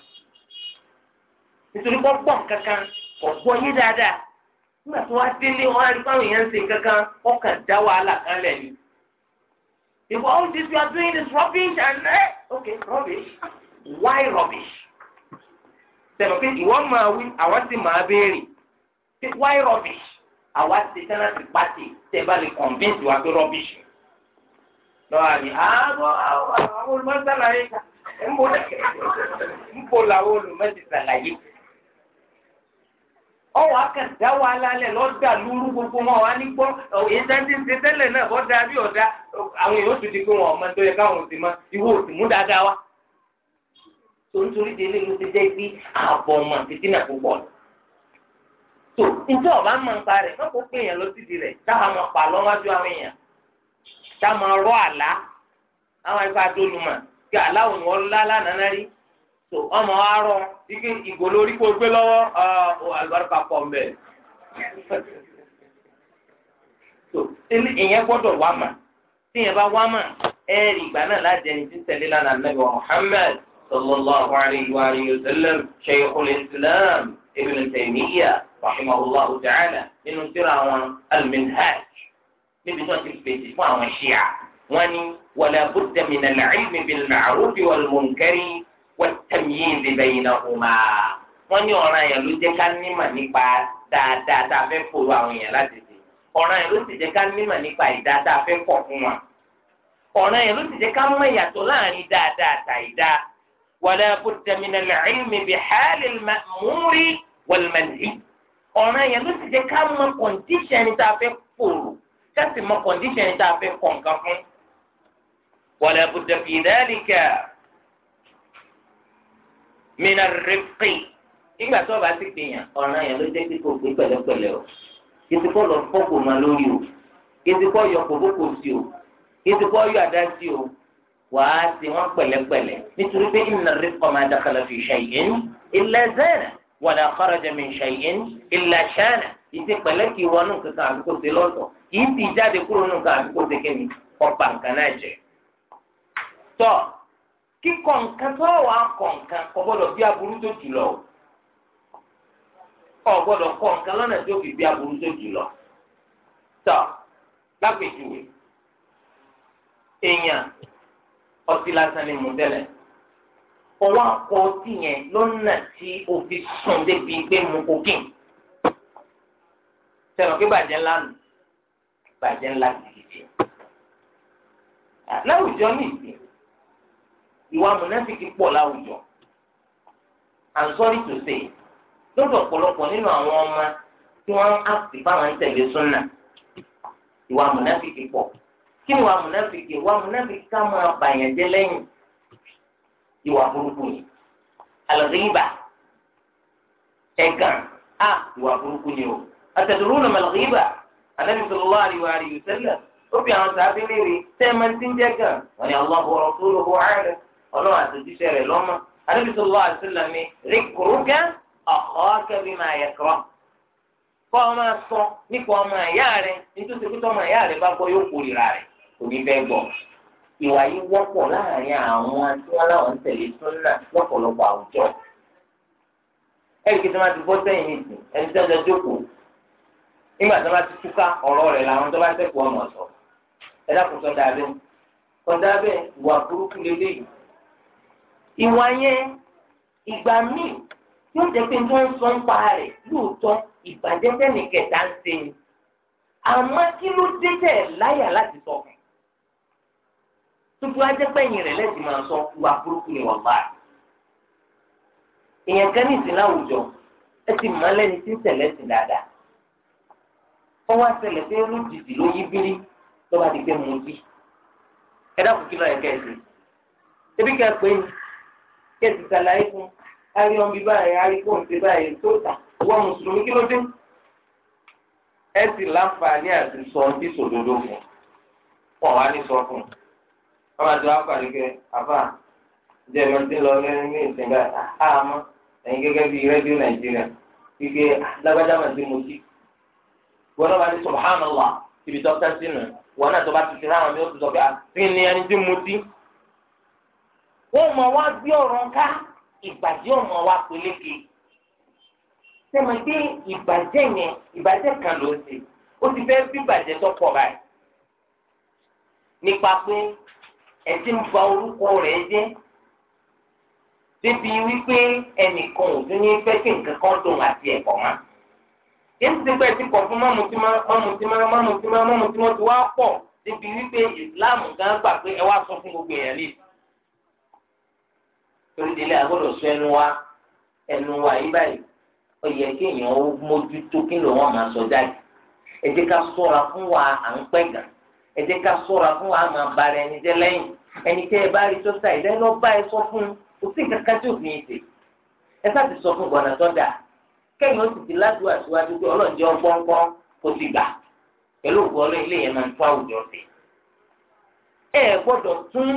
nítorí kọ́ gbọ̀n kankan kò gbọ́ yé dáadáa nígbà tó wá délé wọn á rí If all this you are doing is rubbish and eh, okay, rubbish. Why rubbish? Sẹ̀rọ̀ pé ìwọ́n máa wí, àwọn sì máa béèrè. Why rubbish? Àwa ti sẹ́nà ti pàtì tẹ̀ bá lè convince wa pé rubbish. Lọ́wọ́ àmì àbọ̀ àwọn olùmọ̀ọ́sálàyé ń bò làwọn olùmọ̀ọ́sálàyé. ọwọ akẹ́kẹ́ wà lálẹ́ lọ́dà lúrú gbogbo wọn wà ní gbọ́ òye sẹ́ńtì ń tẹ́lẹ̀ náà da ọ̀dà àwọn èèyàn tún pé wọn ọmọ yẹ káwọn òsì mọ ìwọ òsì mú dáadáa wá. tó nítorí ló ti jẹ́ pé ààbọ̀ ọmọ títí náà tó máa ń pa rẹ̀ kó pé èèyàn lọ sídìí rẹ̀ tó ọmọ wa rọ ike ìgò lórí kó gbé lọ́wọ́ àlùbáríkà pọ̀ mbẹ́ tó ìyẹn gbọ́dọ̀ wá mà tí ìyẹn bá wá mà ẹ̀rì ìgbà náà láti ẹni tí tẹ̀lé lánàá nàbẹ̀ Muhammad sallallahu alayhi wa alihi wa sallam shaykhul islam ibn taymiya rahimahullahu ta'ala nínú tírà àwọn al-minhaj níbi tó ti fèsì fún àwọn ṣíà wọn ni wala budda min al-ilmi والتمييز بينهما wọ́n ní ọ̀ràn yẹn ló jẹ́ ká nímọ̀ nípa dáadáa tá a fẹ́ fòrò àwọn èèyàn láti ṣe ọ̀ràn yẹn ló sì jẹ́ ká nímọ̀ nípa ìdá tá a fẹ́ kọ̀ fún wa ọ̀ràn yẹn ló sì jẹ́ ká mọ̀ ìyàtọ̀ láàrin dáadáa àtàìdá wala budda min al-ilmi bi hali al-ma'muri wal yẹn ló sì jẹ́ ká mọ̀ kọ̀ǹdíṣẹ̀n tá a fẹ́ fòrò ká sì mọ̀ tá a fẹ́ kọ̀ nǹkan fún wala budda fi dhalika mina rìpì ìgbà tó o bá ti gbìyàn ọ̀ràn yẹn ló jẹ́ kí kò gbé pẹ̀lẹ́pẹ̀lẹ́ o kìtìkọ́ lọ fọ́kò máa lórí o kìtìkọ́ yọ kòbókò sí o kìtìkọ́ yọ àdá sí o wàá ti wọn pẹ̀lẹ́pẹ̀lẹ́ nítorí pé inna rìpọ̀ máa dakhala fi shay'in illa zana wala kharaja min shay'in illa shana ìdí pẹ̀lẹ́ kì í wọnú kankan àdúgbò ṣe lọ́sọ̀ kì í ti jáde kúrò nù kankan àdúgbò ṣe kéwì ọ̀pá náà jẹ. tọ́ kíkọ nǹkan tó wà kọ nǹkan kò gbọ́dọ̀ bí aburú tó jù lọ ọ gbọ́dọ̀ kọ nǹkan lọ́nà tó fi bí aburú tó jù lọ tọ lápèjúwe èèyàn ọtí lásán ni mo tẹ́lẹ̀ òun àpò ọtí yẹn lọ́nà tí o fi sùn débi pé mo kò kí n sẹ̀rọ̀ pé bàjẹ́ ńlá nù bàjẹ́ ńlá kìkìkì láwùjọ ní ìsìn ìwà mùnáfíkì pọ̀ láwùjọ I'm sorry to say lọ́dọ̀ ọ̀pọ̀lọpọ̀ nínú àwọn ọmọ tí wọ́n á sì báwọn ń tẹ̀lé súnà ìwà mùnáfíkì pọ̀ kí ni ìwà mùnáfíkì ìwà mùnáfíkì ká máa bàyàn jẹ́ lẹ́yìn ìwà burúkú yìí alghiba ẹ̀gàn á ìwà burúkú ni o atadruna mal ghiba anabi sallallahu alayhi wa sallam ó fi àwọn sábẹ́ léèrè tẹ́ ẹ máa ti ń jẹ́ gàn wọ́n ni Allahu wa rasuluhu a'lam ọlọ́run àtòjíṣẹ́ rẹ̀ lọ́mọ Ànábì sallallahu alaihi wasallam ní dhikruka akhaka bima yakrah kọ́ ọ máa sọ nípa ọmọ ẹ̀yà rẹ nítorí pé ọmọ ẹ̀yà rẹ bá gbọ́ yóò kórìíra rẹ̀ kò ní bẹ́ẹ̀ gbọ́. ìwà yìí wọ́pọ̀ láàrin àwọn tí wọ́n láwọn ń tẹ̀lé súnà lọ́pọ̀lọpọ̀ àwùjọ. ẹ̀rí kí tí ti bọ́ sẹ́yìn nìsín ẹni tí wọ́n ti jókòó nígbà tí wọ́n bá ti túká ọ̀rọ̀ rẹ̀ làwọn tó bá sẹ́kù ọmọ sọ. ẹ dákun sọ dábẹ́ sọ dábẹ́ ìwà burúkú lélẹ́yìí ìwà yẹn ìgbà míì yóò jẹ́ pé tó ń sọ ń pa rẹ̀ lóòótọ́ ìbàjẹ́ tẹ́nì kẹta ń ṣe ni àmọ́ kí ló dé tẹ̀ láyà láti sọ fún tuntun ajẹ́pẹ̀yìn rẹ̀ lẹ́sìn máa sọ ìwà burúkú ni wọ́n bá rẹ̀ èèyàn kan ní ìsìn láwùjọ ẹ ti mọ̀ lẹ́ni tí ń tẹ̀lé sí dáadáa ó wá ṣẹlẹ̀ pé lójijì ló yí bírí ló bá ti gbé mu bí ẹ dákun kí lọ́ọ́ yẹ kẹ́ ẹ ṣe ebi kẹ́ pé ni kẹ́sì ṣàlàyé fún ayé ọmọ bíi báyìí ayé kò ń ṣe báyìí tó tà wọ́n mùsùlùmí kí ló dé. ẹ sì láǹfààní àti sọ ohun tí sòdodo fún wọn wá ní sọ fún wọn bá ti wá pàdé kẹ àbá jẹ ẹmọ tí ń lọ lẹ́nu ní ìsìnká àhámọ́ ah, ẹ̀yin gẹ́gẹ́ bíi rẹ́díò nàìjíríà kíkẹ ah, lágbájá máa ti mú sí gbọ́dọ̀ bá ní subhanallah ibi dókítà sínú wọn náà tó bá ti fi ráwọn mi ó ti sọ pé àti ah, ní ẹni tí mo ti wọ́n mọ̀ wá gbé ọ̀ràn ká ìbàjẹ́ ọ̀mọ̀ wa peléke. sẹ́mi pé ìbàjẹ́ yẹn ìbàjẹ́ kan ló ṣe ó ti fẹ́ bí ìbàjẹ́ tó pọ̀ báyìí. nípa pé ẹ̀sìn ba orúkọ rẹ̀ jẹ́ débi wípé ẹnìkan ò tún ní fẹ́ kí nǹkan kan dùn àti ẹ̀kọ́ mọ́ yéésù ti pẹ́ ti kọ̀ fún mọ́mùtímọ́ mọ́mùtímọ́ mọ́mùtímọ́ mọ́mùtímọ́ ti wá pọ̀ débi wípé ìsìláàmù gan gbà pé ẹ wá sọ fún gbogbo èèyàn lè sùn torí délé agbọ́dọ̀ sọ ẹnu wa ẹnu wa yí báyìí ó yẹ kí èèyàn mójútó kí ló wọn máa sọ jáde ẹ jẹ́ ká ṣọ́ra fún wa à ń pẹ gàn ẹ jẹ́ ká ṣọ́ra fún wa à máa bara ẹni jẹ́ lẹ́yìn ẹni tẹ́ ẹ bá rí sọta ẹ lọ bá ẹ sọ fún un kò sí kankan tí òfin ṣe ẹ sá ti sọ fún gbọnà tó dáa ó sì ti ládùúgbò àtiwájú pé ọlọ́ọ̀jẹ́ ọgbọ́ngbọ́n kò sì gbà pẹ̀lú òkú ọlọ́ ilé yẹn máa ń tó àwùjọ sí ẹ gbọ́dọ̀ tún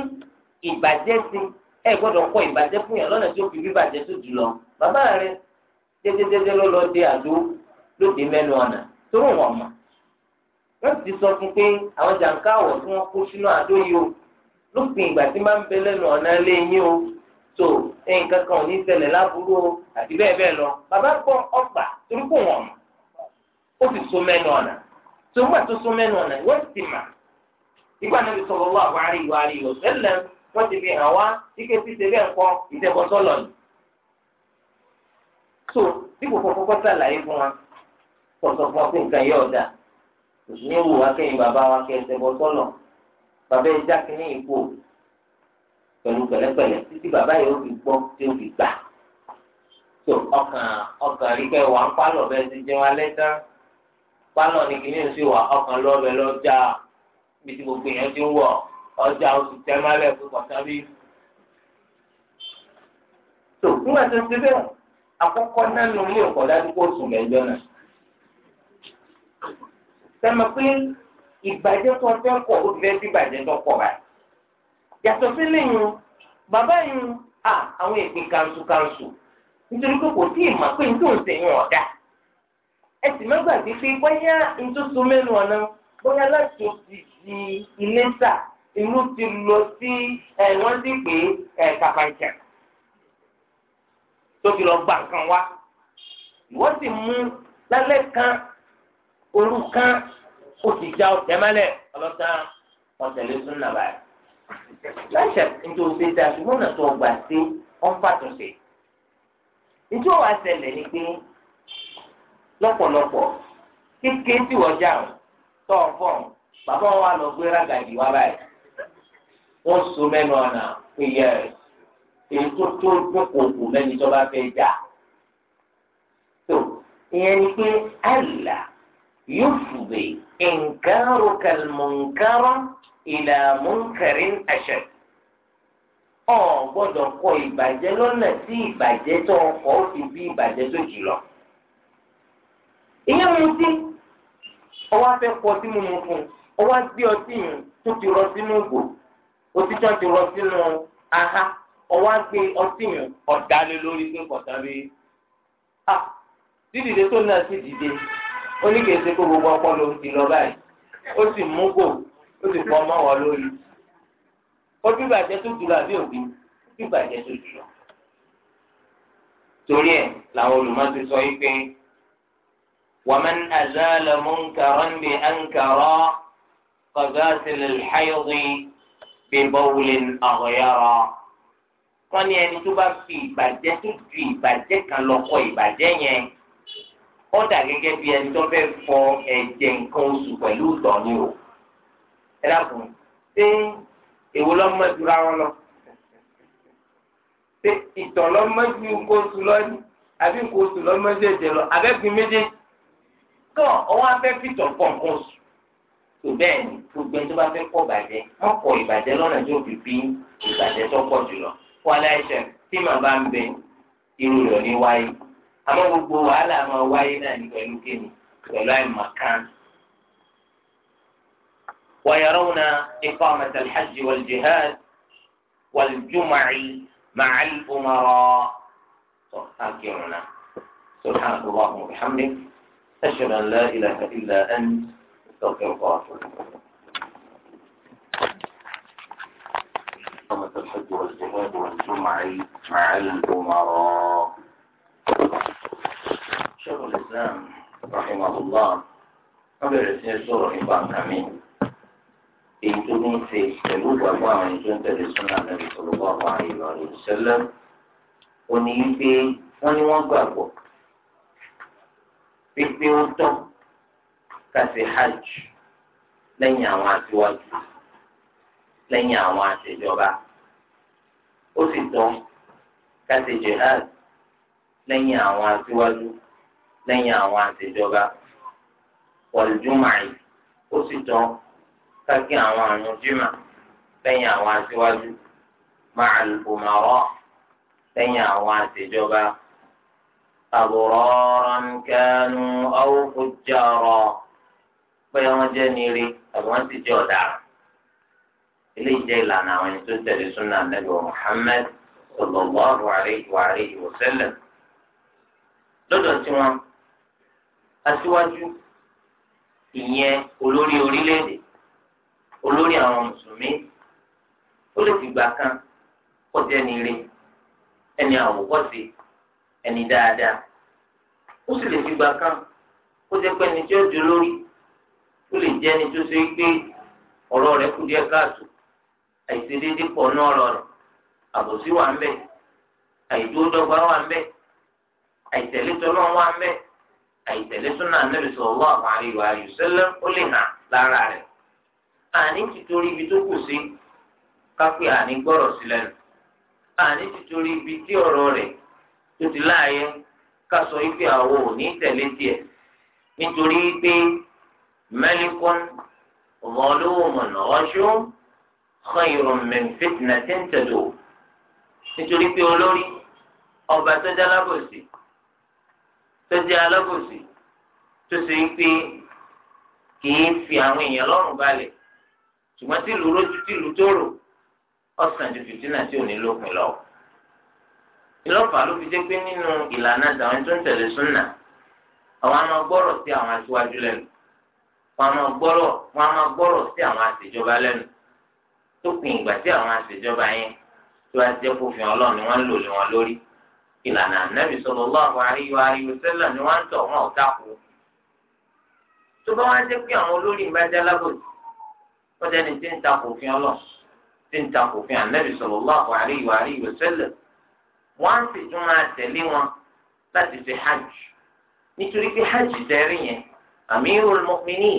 ìbàjẹ́ sí i ẹ gbọ́dọ̀ kọ ìbàjẹ́ fún yàn lọ́nà tí ó fi bíbàjẹ́ tó jù lọ bàbá rẹ dédédédé ló lọ dé àdó lóde mẹ́nu ọ̀nà tó rùn wọ̀n mọ̀ wọ́n ti sọ fún pé àwọn jàǹká àwọ̀ tí wọ́n kó sínú àdó yìí o lópin ìgbà tí máa ń bẹ lẹ́nu ọ̀nà lé o tó ẹ̀yìn kankan ò ní ṣẹlẹ̀ láburú o àti bẹ́ẹ̀ bẹ́ẹ̀ lọ bàbá gbọ́ ọgbà torí kò wọ̀n mọ̀ ó sì so mẹ́nu ọ̀nà tó ń gbà tó so mẹ́nu ọ̀nà wọ́n ti mà ìgbà náà ti sọ̀rọ̀ wà wọ́n ti fi hàn wá ike tí ṣe bẹ́ẹ̀ kọ́ ìtẹ̀bọ̀sọ́lọ̀ ni. so dípò kọ́kọ́ kọ́ sàlàyé fún wa kọ́ sọ fún wa pé nǹkan yóò dà òsì ní wù wá kẹ́yìn bàbá wa kẹ́ ìtẹ̀bọ̀sọ́lọ̀ bàbá ẹ já kínní ipò pẹ̀lú pẹ̀lẹ́pẹ̀lẹ́ títí bàbá yìí ó fi gbọ́ tí ó fi gbà. so ọkàn ọkàn rí kẹ́ wà ń pálọ̀ bẹ́ẹ̀ ti jẹun alẹ́ tán pálọ̀ ni kìnìún sì wà ọkàn lọ́ọ̀bẹ lọ́jà bí ti gbogbo ọjà oṣù tẹ́málẹ̀ fún kọ̀tàbí. tó nígbà tó ti bẹ́ẹ̀ àkọ́kọ́ nánú ilé ọ̀kọ́ ládùúgbò sùn lẹ́jọ́ náà. sẹ́mi pé ìbàjẹ́ tó fẹ́ kọ̀ ó fẹ́ bí ìbàjẹ́ tó kọ̀ báyìí. yàtọ̀ sí lẹ́yìn bàbá yìí à àwọn èpin kanṣu kanṣu nítorí pé kò tí ì mà pé nítorí sẹ́yìn ọ̀dà. ẹ sì má pé bóyá nítorí mẹ́nu ọ̀nà bóyá láti ti di ilé sáà ìlú ti lọ sí ẹ̀wọ́n ti pè é ẹ̀kàfà ìjà tó fi lọ gbà kan wá ìwọ́n sì mú lálẹ́ kan òru kan ó ti já ọ̀tẹ̀ mẹ́lẹ̀ ọlọ́tàn ọ̀tẹ̀lẹ̀ sún nàbà rẹ̀ láṣẹ nítorí ṣe dáa ṣùgbọ́n ọ̀nà tó ọgbà sí ọ̀nfàtúnṣe ìjọ wa ṣẹlẹ̀ ni pé lọ́pọ̀lọpọ̀ kékeré tí wọ́n já ọ̀ tọ́ ọ fọ́ọ̀n bàbá wa lọ gbé rágàdì wá báyìí wọ́n so mẹ́nu ọ̀nà ìyẹ́ rẹ̀ èyí tó tó dókòwò mẹ́ni tó bá fẹ́ jà. tó ìyẹn ni pé àlà yóò fùbè ìǹkàrò kàlmùǹkàrò ìlà mùǹkàrín àṣẹ. ọ̀ gbọ́dọ̀ kọ ìbàjẹ́ lọ́nà tí ìbàjẹ́ tó ọkọ̀ ó fi bí ìbàjẹ́ tó jù ìyẹn mu sí ọwọ́ afẹ́ pọ̀ sí mímu fún ọwọ́ gbé ọtí yìí tó ti rọ sínú ògbò òtítọ́ ti rọ sínú aha ọwọ́ gbé ọtí yẹn ọ̀dálẹ̀ lórí fún kọ̀tàbí. dídìde tó náà sì dìde ó ní kèsì kó gbogbo ọpọlọ ti lọ báyìí ó sì mú gò ó sì fọ ọmọ wọn lórí. ojú bàjẹ́ tó jùlọ àbí òbí ojú bàjẹ́ tó jùlọ. torí ẹ̀ làwọn olùmọ̀ ti sọ yìí pé wàmán àzálẹ̀ nkàrán bí ànkàrọ̀ kọ̀gá sílẹ̀ ṣáyọ̀dín bíbọ́wulin ọ̀rọ̀yọ̀rọ̀ wọ́n ní ẹni tó bá fi ìbàjẹ́ tó ju ìbàjẹ́ kan lọ kọ ìbàjẹ́ yẹn ó dà gẹ́gẹ́ bí ẹni tó fẹ́ fọ ẹ̀jẹ̀ nǹkan oṣù pẹ̀lú ìtọ̀ ni o ẹ dàpọ̀ ṣé èwo lọ́mọdé ra wọn lọ ṣe ìtọ̀lọ́mọ́jú kóòtù lọ́ní àbí kóòtù lọ́mọ́jú ẹ̀jẹ̀ lọ abẹ́gbin méjèèjì kọ́ ọwọ́ abẹ́ fìtọ̀ pọ̀ nǹkan oṣù tó bẹ́ẹ̀ ni gbogbo ẹni tó bá fẹ́ kọ́ ìbàjẹ́ wọ́n kọ ìbàjẹ́ lọ́nà tó fi bí ìbàjẹ́ tó pọ̀ jùlọ. wàhálà ẹ̀ṣẹ̀ tí màá bá ń bẹ irú rẹ̀ ní wáyé àmọ́ gbogbo wàhálà máa wáyé náà ní pẹ̀lú kéènì pẹ̀lú àìmọ̀kan. ويرون إقامة الحج والجهاد والجمع مع الأمراء سبحانك سبحانك اللهم وبحمدك أشهد أن لا إله إلا أنت استغفر الله قامة الحج والجهاد والجمع مع الأمراء شيخ الإسلام رحمه الله قبل رسمية سورة إبان أمين èyí tó ní ṣe pẹ̀lú ìgbàgbọ́ àwọn ẹni tó ń tẹ̀lé súnà nàbì sallallahu alaihi wa sallam ó ní wípé wọ́n ní wọ́n gbàgbọ́ pípé ó tán kásì hajj lẹ́yìn àwọn àtiwájú lẹ́yìn àwọn àtẹ̀jọba ó sì tọ́ kásì jihad lẹ́yìn àwọn àtiwájú lẹ́yìn àwọn àtẹ̀jọba wọ̀lùjúmọ̀ì ó sì tọ́ kákí àwọn àrùn jimá lẹ́yìn àwọn àtiwájú máa lùmọ̀rọ̀ lẹ́yìn àwọn àtẹ̀jọba àbùrọ̀rọ̀ nkanu ọ̀hún kò jẹ́ ọ̀rọ̀. pé wọ́n jẹ́ nírí àbí wọ́n ti jẹ́ ọ̀daràn eléyìí jẹ́ ìlànà àwọn ẹni tó tẹ̀lé súnà nàbì wa Muhammad sallallahu alayhi wa alihi tí wọ́n aṣíwájú ìyẹn olórí orílẹ̀ olórí àwọn mùsùlùmí ó lè fìgbà kan kó jẹ́ nírí ẹni O ẹni dáadáa ó sì lè fìgbà kan kó jẹ́ pé ẹni tí ó di ó lè jẹ́ ẹni tó ṣe pé ọ̀rọ̀ rẹ̀ kú díẹ̀ káàtó àìṣedéédé pọ̀ náà ọ̀rọ̀ rẹ̀ àbòsí wà ń bẹ̀ àìdúródọ́gba wà ń bẹ̀ àìtẹ̀lé tọ́lọ́ wà ń bẹ̀ àìtẹ̀lé súnà Ànábì sallallahu alaihi wa sallam ó lè hàn lára rẹ̀ àní títorí ibi tó kù sí kápẹ́ àní gbọ́rọ̀ sí lẹ́nu àní títorí ibi tí ọ̀rọ̀ rẹ̀ tó ti láàyè ká sọ wípé àwọn ò tẹ̀lé tiẹ̀ nítorí pé ملك ظلوم غشوم خير من فتنة تدوم nítorí pé olórí ọba tó jẹ alábòsí tó jẹ alábòsí tó ṣe ń pé kìí fi àwọn èèyàn lọ́rùn balẹ̀ ṣùgbọ́n tí ìlú rojú tí ìlú tó rò ọ̀sán ju fìtínà tí ò ní lópin lọ. ìlọ́pàá ló fi jẹ́ pé nínú ìlànà àtàwọn tó ń tẹ̀lé súnà àwọn á máa gbọ́rọ̀ sí àwọn aṣíwájú lẹ́nu wọn a máa gbọ́rọ̀ wọn a máa gbọ́rọ̀ sí àwọn àṣejọba lẹ́nu tó pin ìgbà tí àwọn àṣejọba yẹn tó a jẹ́ kó fi hàn ọlọ́run ni wọ́n ń lò lé wọn lórí ìlànà ànábì sallallahu alaihi wa alihi wasallam ni wọ́n ń tọ̀ wọn ò dáko tó bá wọn jẹ́ pé àwọn olórí ìbájá lábòjì wọ́n jẹ́ ni tí ń takò fi hàn ọlọ́run tí ń takò fi hàn ànábì sallallahu alaihi wa alihi wasallam wọ́n sì tún máa tẹ̀lé wọn láti fi hajj nítorí pé hajj tẹ̀rí yẹn Amirul Mu'minin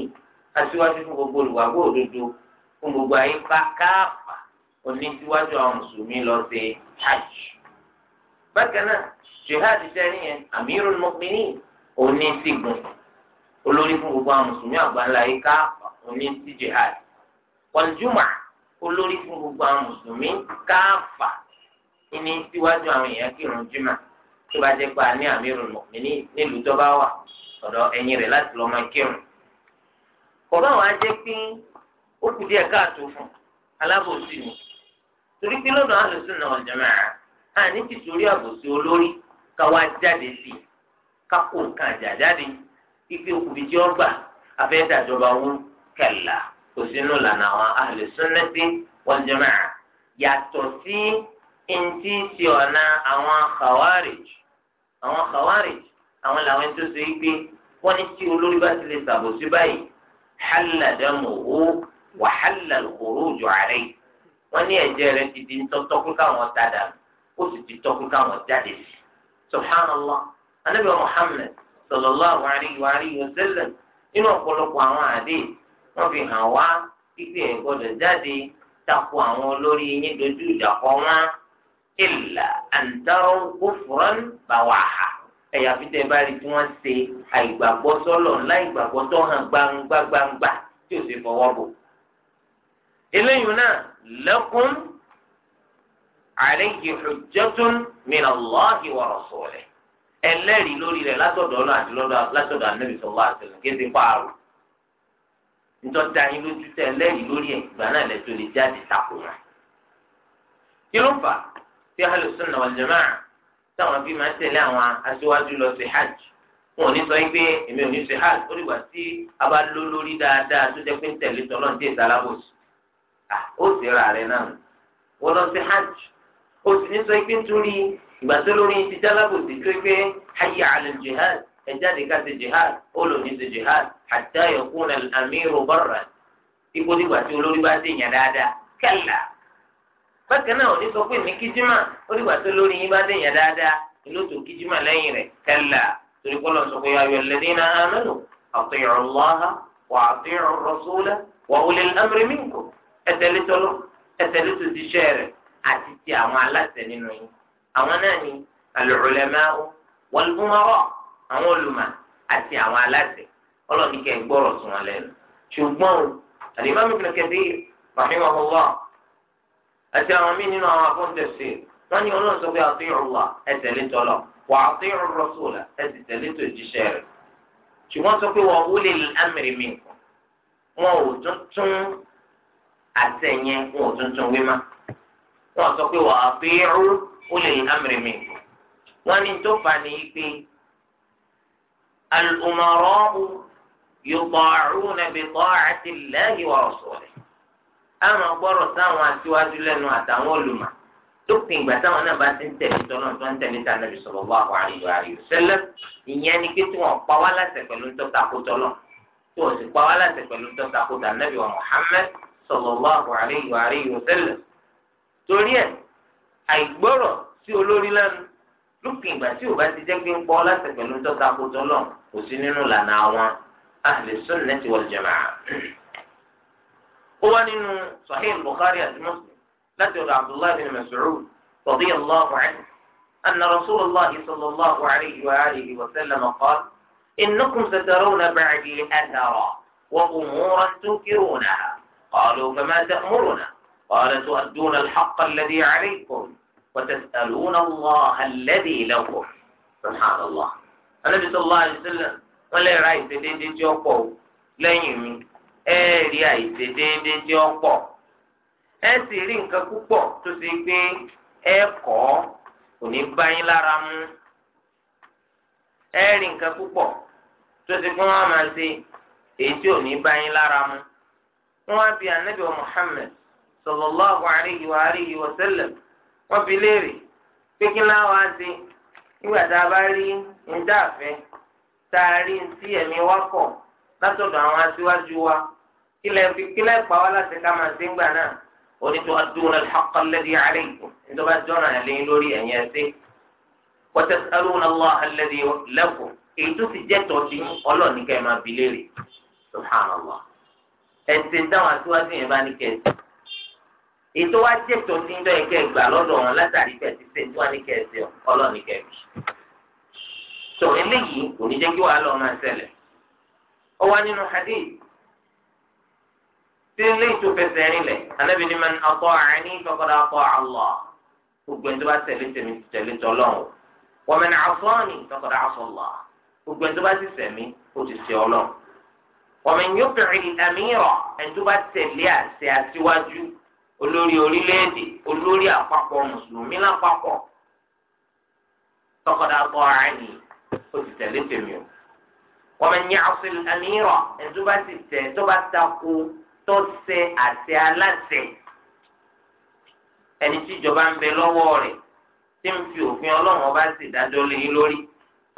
aṣíwájú fún gbogbo olùwàgbọ́ òdodo fún gbogbo ayé káàpà oníṣíwájú àwọn mùsùlùmí lọ sí hajj. bákan náà jihad sẹ́ni yẹn Amirul Mu'minin oníṣègùn olórí fún gbogbo àwọn mùsùlùmí àgbáńlá ayé káàpà oníṣí jihad. wal Jum'ah olórí fún gbogbo àwọn mùsùlùmí káàpà ní síwájú àwọn èèyàn kírun jùmọ̀ tó bá jẹ́ pé a ní Amirul Mu'minin nílùú tó bá wà ọ̀dọ̀ ẹ̀yìn rẹ̀ láti lọ́ọ́ máa kírun. kò bá wọn á jẹ́ pé ó kù díẹ̀ káàtó fún alábòsí ni torí pé lọ́dọ̀ àlùsùn náà jẹ̀mọ́ à ní ti torí àbòsí olórí káwá jáde sí i kákó nǹkan àjà jáde ife òkùnrin tí wọ́n gbà afẹ́ wọn kẹlà kò sínú lànà àwọn àlùsùn náà sí yàtọ̀ sí ntí ti ọ̀nà àwọn khawarij àwọn khawarij àwọn làwọn tó so yí pé wọ́n ní tí olórí bá ti lè ṣàbòsí báyìí hàlà dẹ́mu owó wà hàlà òru òjò àárẹ̀ yìí wọ́n ní ẹ̀jẹ̀ rẹ̀ ti di tọ́tọ́ pé káwọn ta dànù ó sì ti tọ́ káwọn jáde sí subhanallah anabi muhammed sallallahu alayhi wa alayhi wa sallam nínú ọ̀pọ̀lọpọ̀ àwọn àdé wọ́n fi hàn wá pípé ẹ̀ jáde takò àwọn olórí yín dojú ìjà kọ wọn ìlà àǹtarọ̀ kófùrán bàwàhà. ẹ̀yà fìdí bá rí tí wọ́n ṣe àìgbàgbọ́ sọ́lọ̀ ńlá tó hàn gbangba gbangba tí ò sì fọwọ́ bò. eléyìí náà lakum alayhi hujjatun min Allahi wa rasulihi ẹlẹ́rìí lórí rẹ̀ látọ̀dọ̀ ọlọ́ àti látọ̀dọ̀ ànábì sallallahu alaihi wasallam kéde paaru ntọ́ta yín lójú tẹ ẹlẹ́rìí lórí ẹ̀ ìgbà náà lè jáde kí ló fà tí táwọn bí máa ń tẹ̀lé àwọn aṣíwájú lọ sí hajj wọn ò ní sọ yín pé èmi ò ní ṣe hajj ó dìgbà tí a bá ló lórí dáadáa tó jẹ́ pé ń tẹ̀lé tọ́lọ́ ní èdè alábòsí ó sì ra rẹ̀ náà wọ́n lọ sí hajj ó sì ní sọ yín pé nítorí ìgbà tó lórí ti dá alábòsí tó yín pé hayya ala jihad ẹ jáde ká ṣe jihad ó lò ní ṣe jihad hatta yakuna al-amiru barran ipò dìgbà tí olórí bá ṣèyàn dáadáa kalla bákan náà òní sọ pé ní kíjímà ó dìgbà tó lórí yín bá dẹ̀yìn dáadáa ìlú tó kíjímà lẹ́yìn rẹ̀ kẹ́là torí kọ́ lọ́n sọ pé ayọ̀ lẹ́dínà amanu ati'u Allaha wa ati'u ar-rasula wa ulil amri minkum ẹ̀tẹ̀lẹ́ tọ́lọ́ ẹ̀tẹ̀lẹ́ tó ti ṣẹ́ rẹ̀ àti ti àwọn aláṣẹ nínú yín àwọn náà ni al-ulama'u wal-umara àwọn olùmọ̀ àti àwọn aláṣẹ ọlọ́ọ̀ni àti àwọn míì nínú àwọn akóńtẹ̀sì wọ́n ní ọlọ́run sọ pé àti ìrùwà ẹ tẹ̀lé tọ́lọ̀ wà àti ìrùrọ̀sọ̀là ẹ sì tẹ̀lé tó jíṣẹ́ rẹ̀ ṣùgbọ́n sọ pé wọ́n wúlé amèrè mi wọn ò tún àtẹ̀yẹ wọn ò tún tún wọn sọ pé wọ́n àti wúlé amèrè mi wọ́n ní tó fà ní pé al-umara'u yuta'una bi ta'ati Allahi wa rasulihi àmọ́ gbọ́rọ̀ sáwọn aṣíwájú lẹ́nu àtàwọn olùmọ̀ lópin ìgbà táwọn náà bá ti ń tẹ̀lé tọ́lọ́ tó ń tẹ̀lé ta nàbì sallallahu alaihi wasallam ìyẹn ni pé tí wọ́n pa wá láṣẹ pẹ̀lú tọ́ta kó tọ́lọ̀ tí wọ́n sì pa wá láṣẹ pẹ̀lú tọ́ta kó tà nàbì wa Muhammad sallallahu alaihi wasallam torí ẹ̀ àìgbọ́rọ̀ sí olórí lẹ́nu lópin ìgbà tí ò bá ti jẹ́ pé ń pọ́ láṣẹ pẹ̀lú tọ́ta kó tọ́lọ̀ kò sí nínú lànà àwọn ahlus sunnati wal jamaa هو من صحيح البخاري المسلم àti عبد الله بن مسعود رضي الله عنه أن رسول الله صلى الله عليه وآله وسلم قال إنكم سترون بعدي أثرا وأمورا تنكرونها قالوا فما تأمرنا قال تؤدون الحق الذي عليكم وتسألون الله الذي لكم سبحان الله النبي صلى الله عليه وسلم ولا lè ra جوكو لا يمين ẹ rí déédéé tí ó pọ̀ ẹ sì rí nǹkan púpọ̀ tó ṣe pé ẹ kọ́ kò ní bá yín lára mú ẹ rí nǹkan púpọ̀ tó ṣe bi anabi sallallahu alayhi wa alayhi wa sallam léèrè pé kí nígbà tá a bá rí ń dáàfẹ́ kílẹ̀ fi kílẹ̀ pa wá láti ká máa ṣe ń gbà náà onítọ̀ adúlọ̀ al-haqqa alladhi alaykum nítorí àjọyọ̀ àlẹ́yìn lórí ẹ̀yìn ẹ̀sìn wa tas'aluna Allah alladhi lakum èyí tó ti jẹ́ tọ́jú ọlọ́ọ̀ni ká ẹ máa bi léèrè subhanallah ẹ̀sìn táwọn aṣíwájú yẹn bá ní kẹ̀sì èyí tó wá jẹ́ tọ́jú ń dọ́yìn kẹ́ gbà lọ́dọ̀ wọn látàrí kẹ̀sì ṣe tí wọ́n ní kẹ̀sì ọlọ́ọ̀ni kẹ̀sì tó eléyìí kò ní jẹ́ kí wàhálà ọmọ ẹ̀sẹ̀ lẹ̀ ọ wá nínú hadith tí ilé ìtò fẹsẹ̀ rìn lẹ̀ anábì ní man ata'ani faqad ata'a Allah gbogbo ẹni tó bá tẹ̀lé tẹ̀mí tẹ̀lé tọ́lọ́hùn wa man 'asani faqad 'asa Allah gbogbo ẹni tó bá ti sẹ̀mí ó ti sẹ ọlọ́hùn wa man yuti'i al-amira ẹni tó bá tẹ̀lé àṣẹ aṣíwájú olórí orílẹ̀-èdè olórí àpapọ̀ mùsùlùmí lápapọ̀ faqad ata'ani ó ti tẹ̀lé tẹ̀mí o wa man ya'si al-amira ẹni tó bá ti tẹ̀ tó ṣe àti aláṣẹ ẹni tí ìjọba ń bẹ lọ́wọ́ rẹ̀ tí ń fi òfin ọlọ́run ọba sì dájọ́ lé yín lórí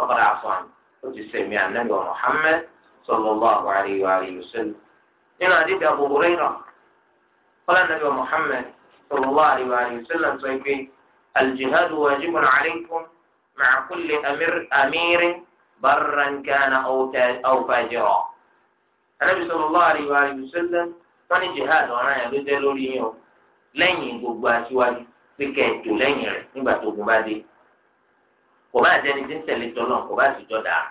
ọ̀kadà àfọ̀n ó ti sẹ̀mí ànábì Muhammad sallallahu alaihi wa alihi wasallam nínú àdídì Abu Hurairah qala ànábì Muhammad sallallahu alaihi wa alihi wasallam sọ pé al-jihadu wajibun alaykum ma'a kulli amirin barran kana aw Ànábì sallallahu alaihi wa sallam wọ́n jihad ọ̀ràn yẹn ló jẹ́ lórí yín o gbogbo aṣíwájú pé kẹ̀tù lẹ́yìn rẹ̀ nígbà tó ogun bá dé kò bá jẹ́ni tí ń tẹ̀lé kò bá sì jọ dáa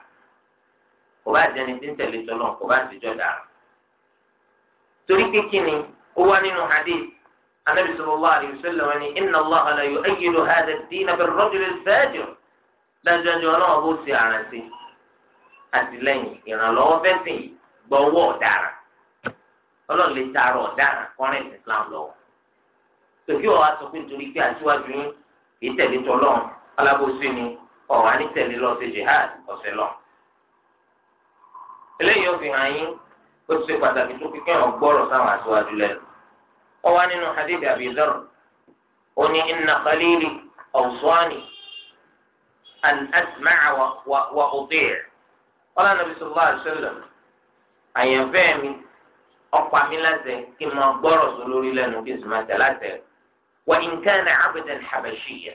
kò bá jẹ́ni tí ń tẹ̀lé kò bá sì jọ torí pé kí ni ó wá nínú hadith wa sallam inna Allaha la yu'ayyidu gbọ́wọ́ ọ̀daràn ọlọ́run lè taarọ̀ ọ̀daràn kọ́rin islam lọ́wọ́ tòkí ọ̀ wá sọ pé nítorí pé àtiwájú yín kì í tẹ̀lé tọ́lọ́run alábòsí ni ọ̀wá ní tẹ̀lé lọ sí jihad ọ̀sẹ̀ lọ. eléyìí òfin hàn yín ó ti ṣe pàtàkì tó kíkẹ́ ọ̀ gbọ́rọ̀ sáwọn àtiwájú lẹ́nu. wọ́n wá nínú hadith Abi ó ní inna khalili awsani an asma'a wa uti' qala nabi sallallahu alaihi wasallam àyànfẹ́ mi ọ̀pá mi láṣẹ kí n máa gbọ́rọ̀ sọ lórí lẹ́nu kí n sì máa tẹ̀ láṣẹ wa nǹkan abidan habashiya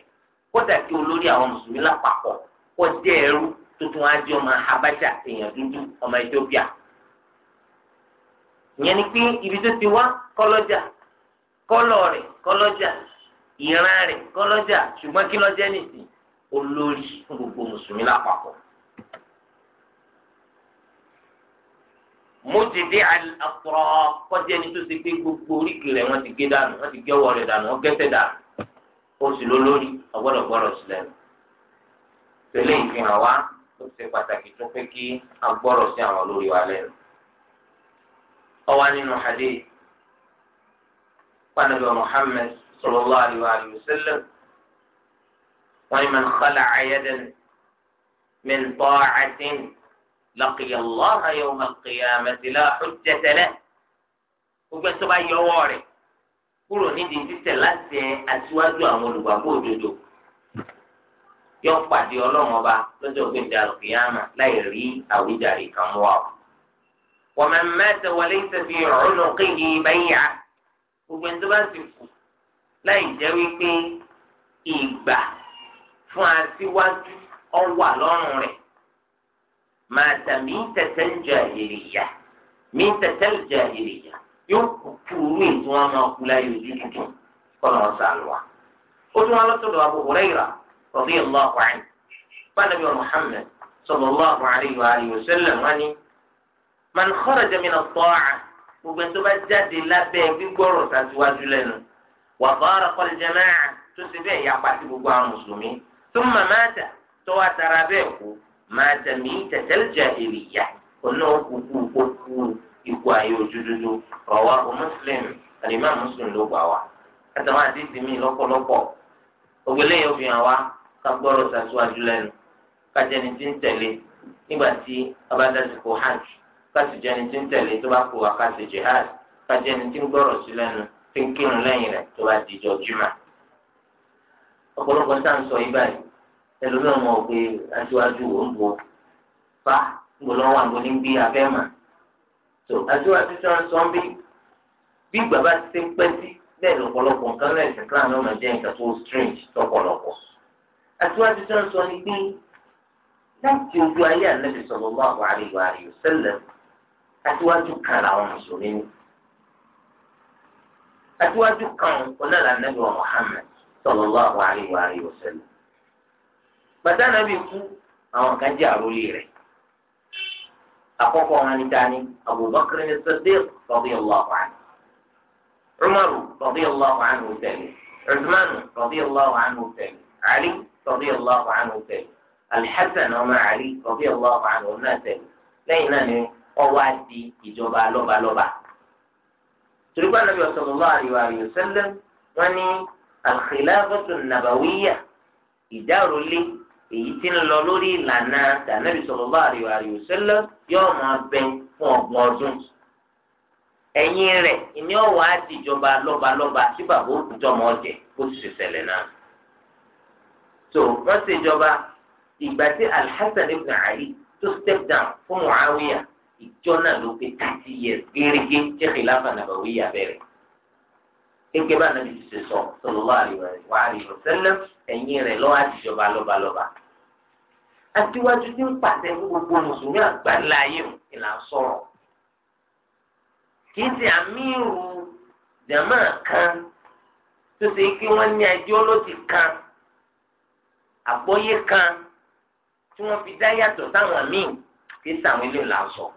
kódà kí olórí àwọn mùsùlùmí lápapọ̀ kó jẹ́ ẹrú tuntun á jẹ́ ọmọ habasha èèyàn dúdú ọmọ ethiopia ìyẹn ni pé ibi tó ti wá kọ́lọ́jà kọ́lọ̀ rẹ̀ kọ́lọ́jà ìran rẹ̀ kọ́lọ́jà ṣùgbọ́n kí lọ́jẹ́ nìsín olórí fún gbogbo mùsùlùmí lápapọ̀. mojede àtọrọ kọjá ẹni tó ṣe pé gbogbo oríkì rẹ̀ wọ́n ti gé dànù wọ́n ti gé ọwọ́ rẹ̀ dànù wọ́n gẹ́sẹ̀ dànù oṣù lólórí ọgbọdọgbọdọ sílẹ̀ tẹ́lẹ̀ ìfihàn wa ó ṣe pàtàkì tó pé kí a gbọ́rọ̀ sí àwọn olórí wa lẹ́nu ọwọ nínú hadith pàdébẹ Muhammad sallallahu alayhi wa sallam wọn ni man khala'a yadan min ta'atin. لقي الله يوم القيامة لا حجة له gbogbo ẹsẹ bá yọ ọwọ́ rẹ̀ kúrò nídìí títẹ̀ láti aṣíwájú àwọn olùgbàgbọ́ òdodo yọ pàdé Ọlọ́run ọba lọ́jọ́ gbẹdẹ àlùkìyàmà láì rí àwíjàre kan mú wa. ومن مات وليس في عنقه بيعة gbogbo ẹsẹ bá ti kú láì jẹ́ wípé ìgbà fún aṣíwájú ọwà lọ́rùn rẹ̀ màtà mítẹ̀tẹ̀ jàhìlìyà mítẹ̀tẹ̀ jàhìlìyà yóò kú ní ìtú wọn máa kú láyé ojú tuntun kọ́nà wọn sàlù wa. ó tún wọn lọ́sọ̀rọ̀ Abu Hurayra radiyallahu anhu bánàbí wa Muhammad sallallahu alayhi wa alihi wa sallam wọn ni man kharaja min at-ta'a gbogbo tó bá jáde lábẹ́ gbígbọ́rọ̀ sàtiwájú lẹ́nu wà fara kọ́lì jama'a tó ti bẹ́ẹ̀ yapa sí gbogbo àwọn mùsùlùmí tó màmáta tó wà tara bẹ́ẹ̀ kú máa tẹ̀mí tẹ̀tẹ̀lẹ̀jà èrìyà oná kúkú kókú ikú ayé òjòjòjò ọ̀wá o mùsùlùmí àlìmá mùsùlùmí ló gbà wá. àtàwọn àdìsí mi lọ́pọ̀lọpọ̀ ògbélé yẹn obìnrin wa ká gbọ́rọ̀ sàṣíwájú lẹ́nu ká jẹni tí ń tẹ̀lé nígbà tí a bá dásìkò hajj ká sì jẹni tí ń tẹ̀lé tó bá kó wa ká sì jihad ká jẹni tí ń gbọ́rọ̀ sí lẹ́nu tí ń kírun lẹ́yìn rẹ̀ tó bá dìjọ́ jùmọ̀ ọ̀pọ̀lọpọ̀ sáà ń sọ yí báyìí ẹlòmíràn mọ̀ pé aṣíwájú ò fa gbọ́dọ̀ wà lóní bí abẹ́ mà tó aṣíwájú tí wọ́n sọ ń bí bí bàbá ti ṣe sí bẹ́ẹ̀ lọ́pọ̀lọpọ̀ nǹkan náà kíláà náà máa nǹkan tó strange lọ́pọ̀lọpọ̀ aṣíwájú tí wọ́n sọ ni pé láti ojú ayé ànábì sallallahu alaihi aṣíwájú kan làwọn mùsùlùmí ni aṣíwájú kan bàtà nàbì kú àwọn kan jẹ́ àròlé rẹ̀ àkọ́kọ́ wọn ni dání Abubakar ní Siddiq radiyallahu anhu Umaru radiyallahu anhu tẹ̀lé Uthman radiyallahu anhu tẹ̀lé Ali radiyallahu anhu tẹ̀lé Al-Hasan ọmọ Ali radiyallahu anhu náà tẹ̀lé lẹ́yìn náà ni ọwọ́ àti ìjọba lọ́balọ́ba turugba nabi sallallahu alayhi wa sallam wọ́n ní al-khilafatu an èyí tí ń lọ lórí ìlànà tànàbí sallallahu alaihi wa sallam yóò máa bẹ fún ọgbọ̀n ọdún ẹ̀yìn rẹ̀ ìní ọ̀wọ́ á di ìjọba lọ́balọ́ba tí bàbá òkúta ọmọ ọ̀jẹ̀ kó sì ṣẹlẹ̀ náà. tó wọ́n ṣe ìjọba ìgbà tí Al-Hasan ibn Ali tó step down fún Muawiya ìjọ náà ló pé thirty years gérégé tí khilafa nàbàwíyà bẹ̀rẹ̀. gẹ́gẹ́ bá nàbí ti ṣe sọ sallallahu alaihi wa sallam ẹ̀yìn rẹ̀ lọ́wọ́ á di ìjọba aṣíwájú tí ń pàṣẹ fún gbogbo mùsùlùmí àgbáńlá ayé ìlà sọ̀rọ̀ kì í ṣe àmírù jàmá kan tó ṣe kí wọ́n ní ideology kan àgbọ́yé kan tí wọ́n fi dá yàtọ̀ sáwọn míì kì í ṣàwọn ilé ìlà sọ̀rọ̀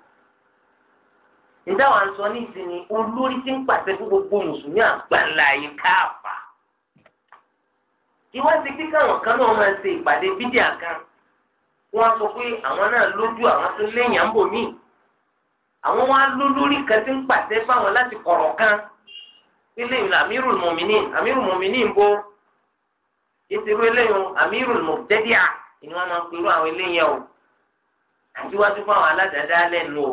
níta wà ń sọ ní ìsinmi olórí tí ń pàṣẹ fún gbogbo mùsùlùmí àgbáńlá yìí káàfà kí wọ́n ti pín káwọn kan náà máa ṣe ìpàdé bídíà kan wọ́n sọ pé àwọn náà lójú àwọn tó léyìn àbò míì àwọn wọn á ló lórí kan tí ń pàṣẹ fáwọn láti kọ̀rọ̀ kan ilé ìlú amirul mọ̀mìnì amirul mọ̀mìnì ń bo ìṣirò eléyìn amirul mọ̀tẹ́díà ni wọ́n máa ń pè àwọn eléyìn o àtiwájú fáwọn aládàáda lẹ́nu o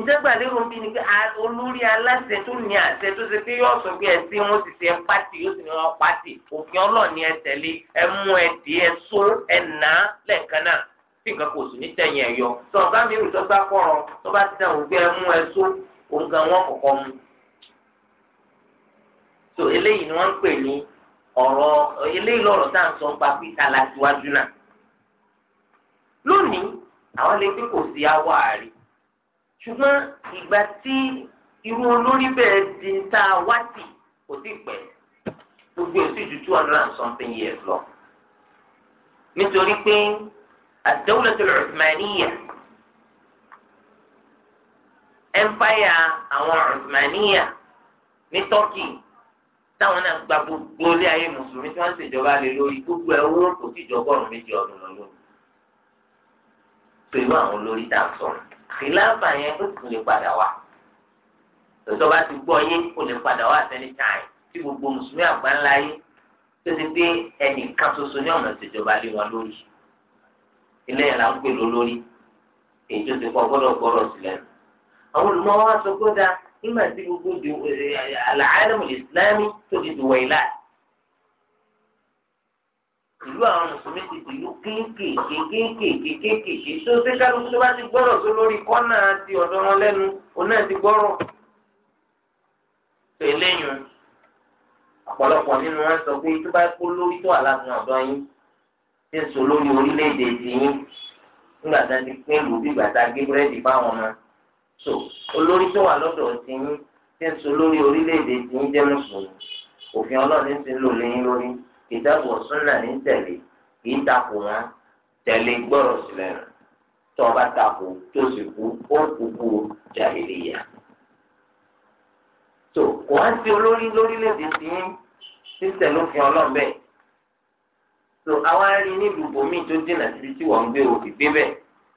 ǹjẹ́ gbàlérò ń bí ni pé olórí aláṣẹ tó ní àṣẹ tó ṣe pé yóò sọ pé ẹsẹ̀ wọn ti ṣe pàtì yóò sì ní wọn pàtì òfin ọlọ́ọ̀ni ẹ tẹ̀lé ẹ mú ẹ dì ẹ só ẹ nà á lẹ́ẹ̀kan náà tí nǹkan kò sì ní tẹ̀yìn ẹ yọ tó ọ̀gá mi rò tó bá kọ̀rọ̀ tó bá ti dáhùn pé ẹ mú ẹ só òun gan wọn kọ̀kọ́ mu. tó eléyìí ni wọ́n ń pè ní ọ̀rọ̀ eléyìí lọ̀rọ̀ tá à ń sọ ń pa ṣùgbọ́n ìgbà tí irú olórí bẹ́ẹ̀ di ta wáti kò sí pẹ́ gbogbo èsì ju two hundred and something years lọ. nítorí pé ad-dawlatul Uthmaniyya ẹ̀mpáyà àwọn Uthmaniyya ní Turkey táwọn náà gba gbogbo ilé ayé mùsùlùmí tí wọ́n ṣèjọba lé lórí gbogbo ẹ̀ wọ́n kò tíjọ́ bọ́ọ̀rùn méjì ọdún lọ́dún. pẹ̀lú àwọn olórí tá a sọ̀rọ̀ kìláàfà yẹn ó sì lè padà wá tòtò bá ti gbọ́ yé ó lè padà wá sẹ́ni táì tí gbogbo mùsùlùmí àgbáńlá yé tó ti pé ẹnìkan ṣoṣo ní ọ̀nà ìṣèjọba lé wọn lórí ilé yẹn là ń pè ló lórí èyí tó ti kọ́ gbọ́dọ̀ gbọ́dọ̀ sílẹ̀ àwọn olùmọ̀ wa nígbà tí gbogbo àlàáyé eh, mùsùlùmí tó ti dùwọ̀ ìlà ìlú àwọn mùsùlùmí ti dìlú kéékèèké kéékèèké kéékèèké tó ṣe kálukú tó bá ti gbọ́rọ̀ tó lórí kọ́nà àti ọ̀dọ́ wọn lẹ́nu òun náà ti gbọ́rọ̀. eléyìn ọ̀pọ̀lọpọ̀ nínú wọn sọ pé tó bá kó lórí tó wà láti ọ̀dọ́ yín ti ń sọ lórí orílẹ̀-èdè tìyín nígbà tá a ti pín ìlú bí ìgbà tá a gé búrẹ́dì fáwọn ọmọ. so olórí tó wà lọ́dọ̀ tìyín ti ń sọ lórí orílẹ̀-èdè tìyín jẹ́ mùsùlùmí òfin ọlọ́run ti ń lò lẹ́yìn lórí kìtàbù sunna ní tẹ̀lé kì í takò wọn tẹ̀lé gbọ́rọ̀ sílẹ̀ tó o bá takò tó o sì kú ó kú kú jàhìlíyà. tó kò wá sí olórí lórílẹ̀‐èdè sí sísẹ̀ lófin ọlọ́ọ̀bẹ. tó àwa rí nílùú bòmí tó dènà síbi tí wọ́n ń gbé òfin gbé bẹ́ẹ̀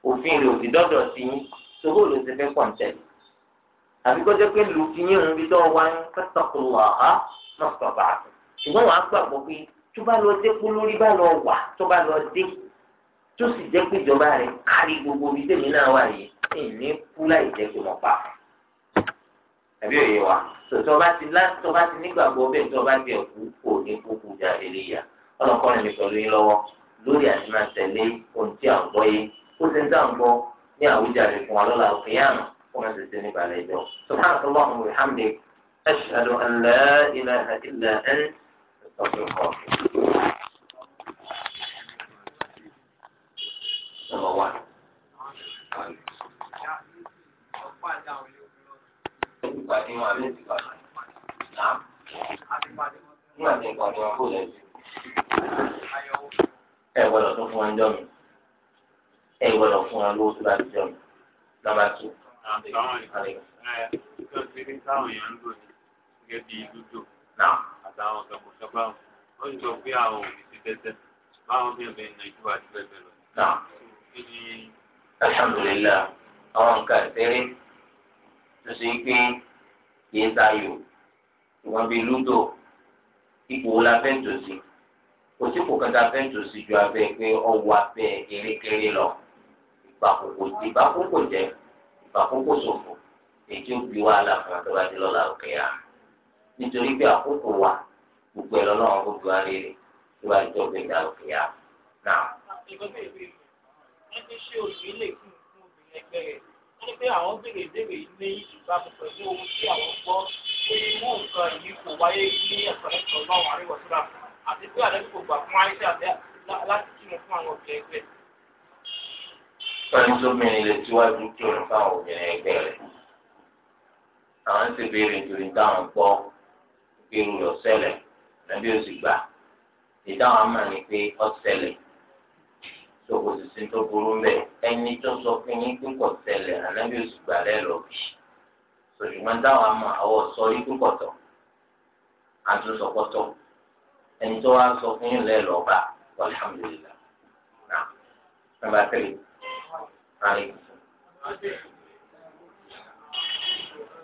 òfin rẹ̀ òfin dọ́dọ̀ sí yín tó bó ló ti fẹ́ pọ̀ǹtẹ̀lì. àbí kọjá pé lù ti yín òun bí tọ́ wa ń kẹ́tọ̀kùn wà á náà sọ̀bà ṣùgbọ́n wàá gbàgbọ́ pé tó bá lọ dé polórí bá lọ wà tó bá lọ dé tó sì jẹ́ pé ìjọba rẹ̀ kárí gbogbo ibi tèmi náà wà yìí ìní kú láì jẹ́ pé wọ́n pa àbí òye wa tòtò ọba ti lá tọba ti nígbàgbọ́ bẹ́ẹ̀ tọba ti ẹ̀kú kò ní kúkú jà eléyà ọlọ́kọ́rin mi pẹ̀lú yín lọ́wọ́ lórí àti máa ohun tí à ń gbọ́ yé ó ti ń dá ń gbọ́ ní àwùjáde fún wa lọ́la òkè yàrá fún ẹsẹ̀ tí ní balẹ̀ jọ. subhanallahu wa bihamdihi ashhadu an la ilaha Number Ẹ gbọ́dọ̀ tún fún ẹjọ́ mi. Ẹ gbọ́dọ̀ fún ẹ lówó tó jọ mi. Nàbà tù. Àwọn ìpàdé. ń lò ní gẹ́gẹ́ bí dúdú. Náà àtàwọn kẹkọ̀ọ́kẹ́ báwọn ó ń sọ pé àwọn òbí ti tẹ́tẹ́ báwọn bí ọ̀bẹ nàìjíríà ti bẹ́ẹ̀ bẹ́ẹ̀ lọ. alhamdulilayi àwọn nǹkan ìṣeré tó ṣe pé kì í tayò ìwọ̀n bíi lúdò ipò wo la fẹ́ tòsí kò sí kò kẹta fẹ́ tòsí ju abẹ́ pé ọwọ́ abẹ́ erékeré lọ ìgbàkókò ìgbàkókò jẹ ìgbàkókò ṣòfò èyí tí ó bí wàhálà fún àtọ́bàdé lọ́la òkè yá nítorí pé àkókò wa gbogbo ẹ lọ́nà ọ̀hún gbogbo wa léèrè tí wàá jọ gbé ìdá òkè yá náà. ẹni ṣé òṣèré lè fún fún obìnrin ẹgbẹ́ rẹ̀ wọ́n ní pé àwọn béèrè ìbéèrè yìí ní ìbámu pẹ̀lú ohun tí àwọn gbọ́ pé mú nǹkan yìí kò wáyé ní ẹ̀sọ̀rẹ́sọ̀ náà wà níwọ̀ síra àti pé àdébí kò gbà fún àìsí àbẹ́ láti kí wọn fún àwọn obìnrin ẹgbẹ́.
Sọ́ni tó mìíràn lè tíwájú kí òun
fáwọn obìnrin ẹgbẹ́ rẹ̀. Àwọn ti béèrè ìjòyè táwọn gbọ́ gbèrú lọ sẹ́lẹ̀ nàbí oṣù gbà ìdáhùn àmà ni pé ọ̀sẹ̀lẹ̀ sọ̀kò sísè tó burú mbẹ ẹni tó sọ fún yín pé kò ṣẹlẹ̀ ànábì oṣù gbà lẹ́lọ́ bì ṣùgbọ́n dáhùn àmà àwọ̀ sọ yín pé kọ̀tọ̀ àtúnṣọkọ̀tọ̀ ẹni tó wá sọ fún yín lẹ́lọ́ bá alhamdulillah náà nàbà tẹ̀lé àlè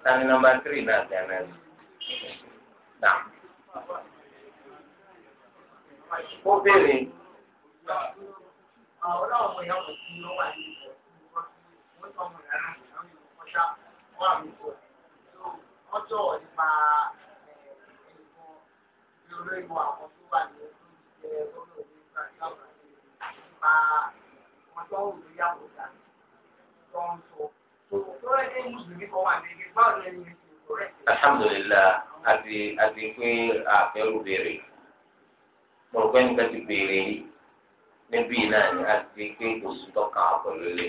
tani nàbà tẹ̀lé náà dáná
náà ó béèrè. ọjọ́ nípa ìrọ̀lẹ́ ìwọ àwọn tó Alhamdulillah, àti àti pé àfẹ́rù béèrè mo rò pé nǹkan ti béèrè yìí níbí náà ni a ti pé oṣù tọ́ka pẹ̀lú ilé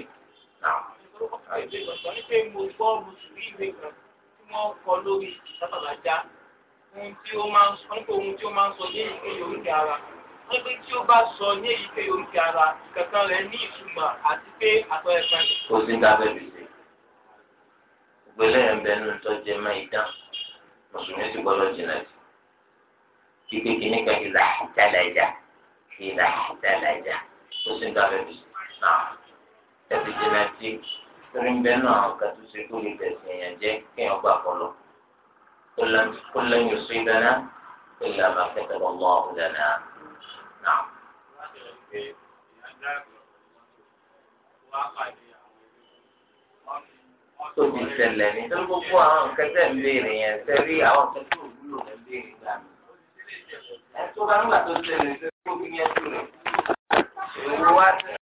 náà. wọ́n ṣe mo gbọ́ mùsùlùmí ìwé kan tí wọ́n kọ lórí sábàlájá ohun tí ó máa ń sọ nípa ohun tí ó máa ń sọ ní èyíkéyìí oríṣi ara wọ́n pé tí ó bá sọ ní èyíkéyìí oríṣi ara kankan rẹ̀ ní ìtumọ̀ àti pé àpẹẹrẹ kan. kò sí dábẹ́ bí ṣe ìpínlẹ̀ ẹ̀ ń bẹnu tọ́jú ẹ̀ máa ń kíkẹ́ kìíní kan ìlà ìdálẹ́jà ìlà ìdálẹ́jà ó sì ń dábẹ́ bí náà ẹbí jẹ́nà tí torí ń bẹ náà kan tó ṣe kó lè tẹ̀sí èèyàn jẹ́ kéèyàn gbà kọlọ kó lẹ́yìn oṣù ìdáná kó lè máa kẹ́kẹ́ bọ́ mọ́ ọ̀hún dáná náà. tó ti ṣẹlẹ̀ ní tó gbogbo àwọn nǹkan ń béèrè yẹn tẹ́rí àwọn nǹkan tó ń béèrè gbà mí ẹ̀ tó bá ń gbà tó ṣẹlẹ̀ ṣe kó fi yẹn jù
rẹ̀.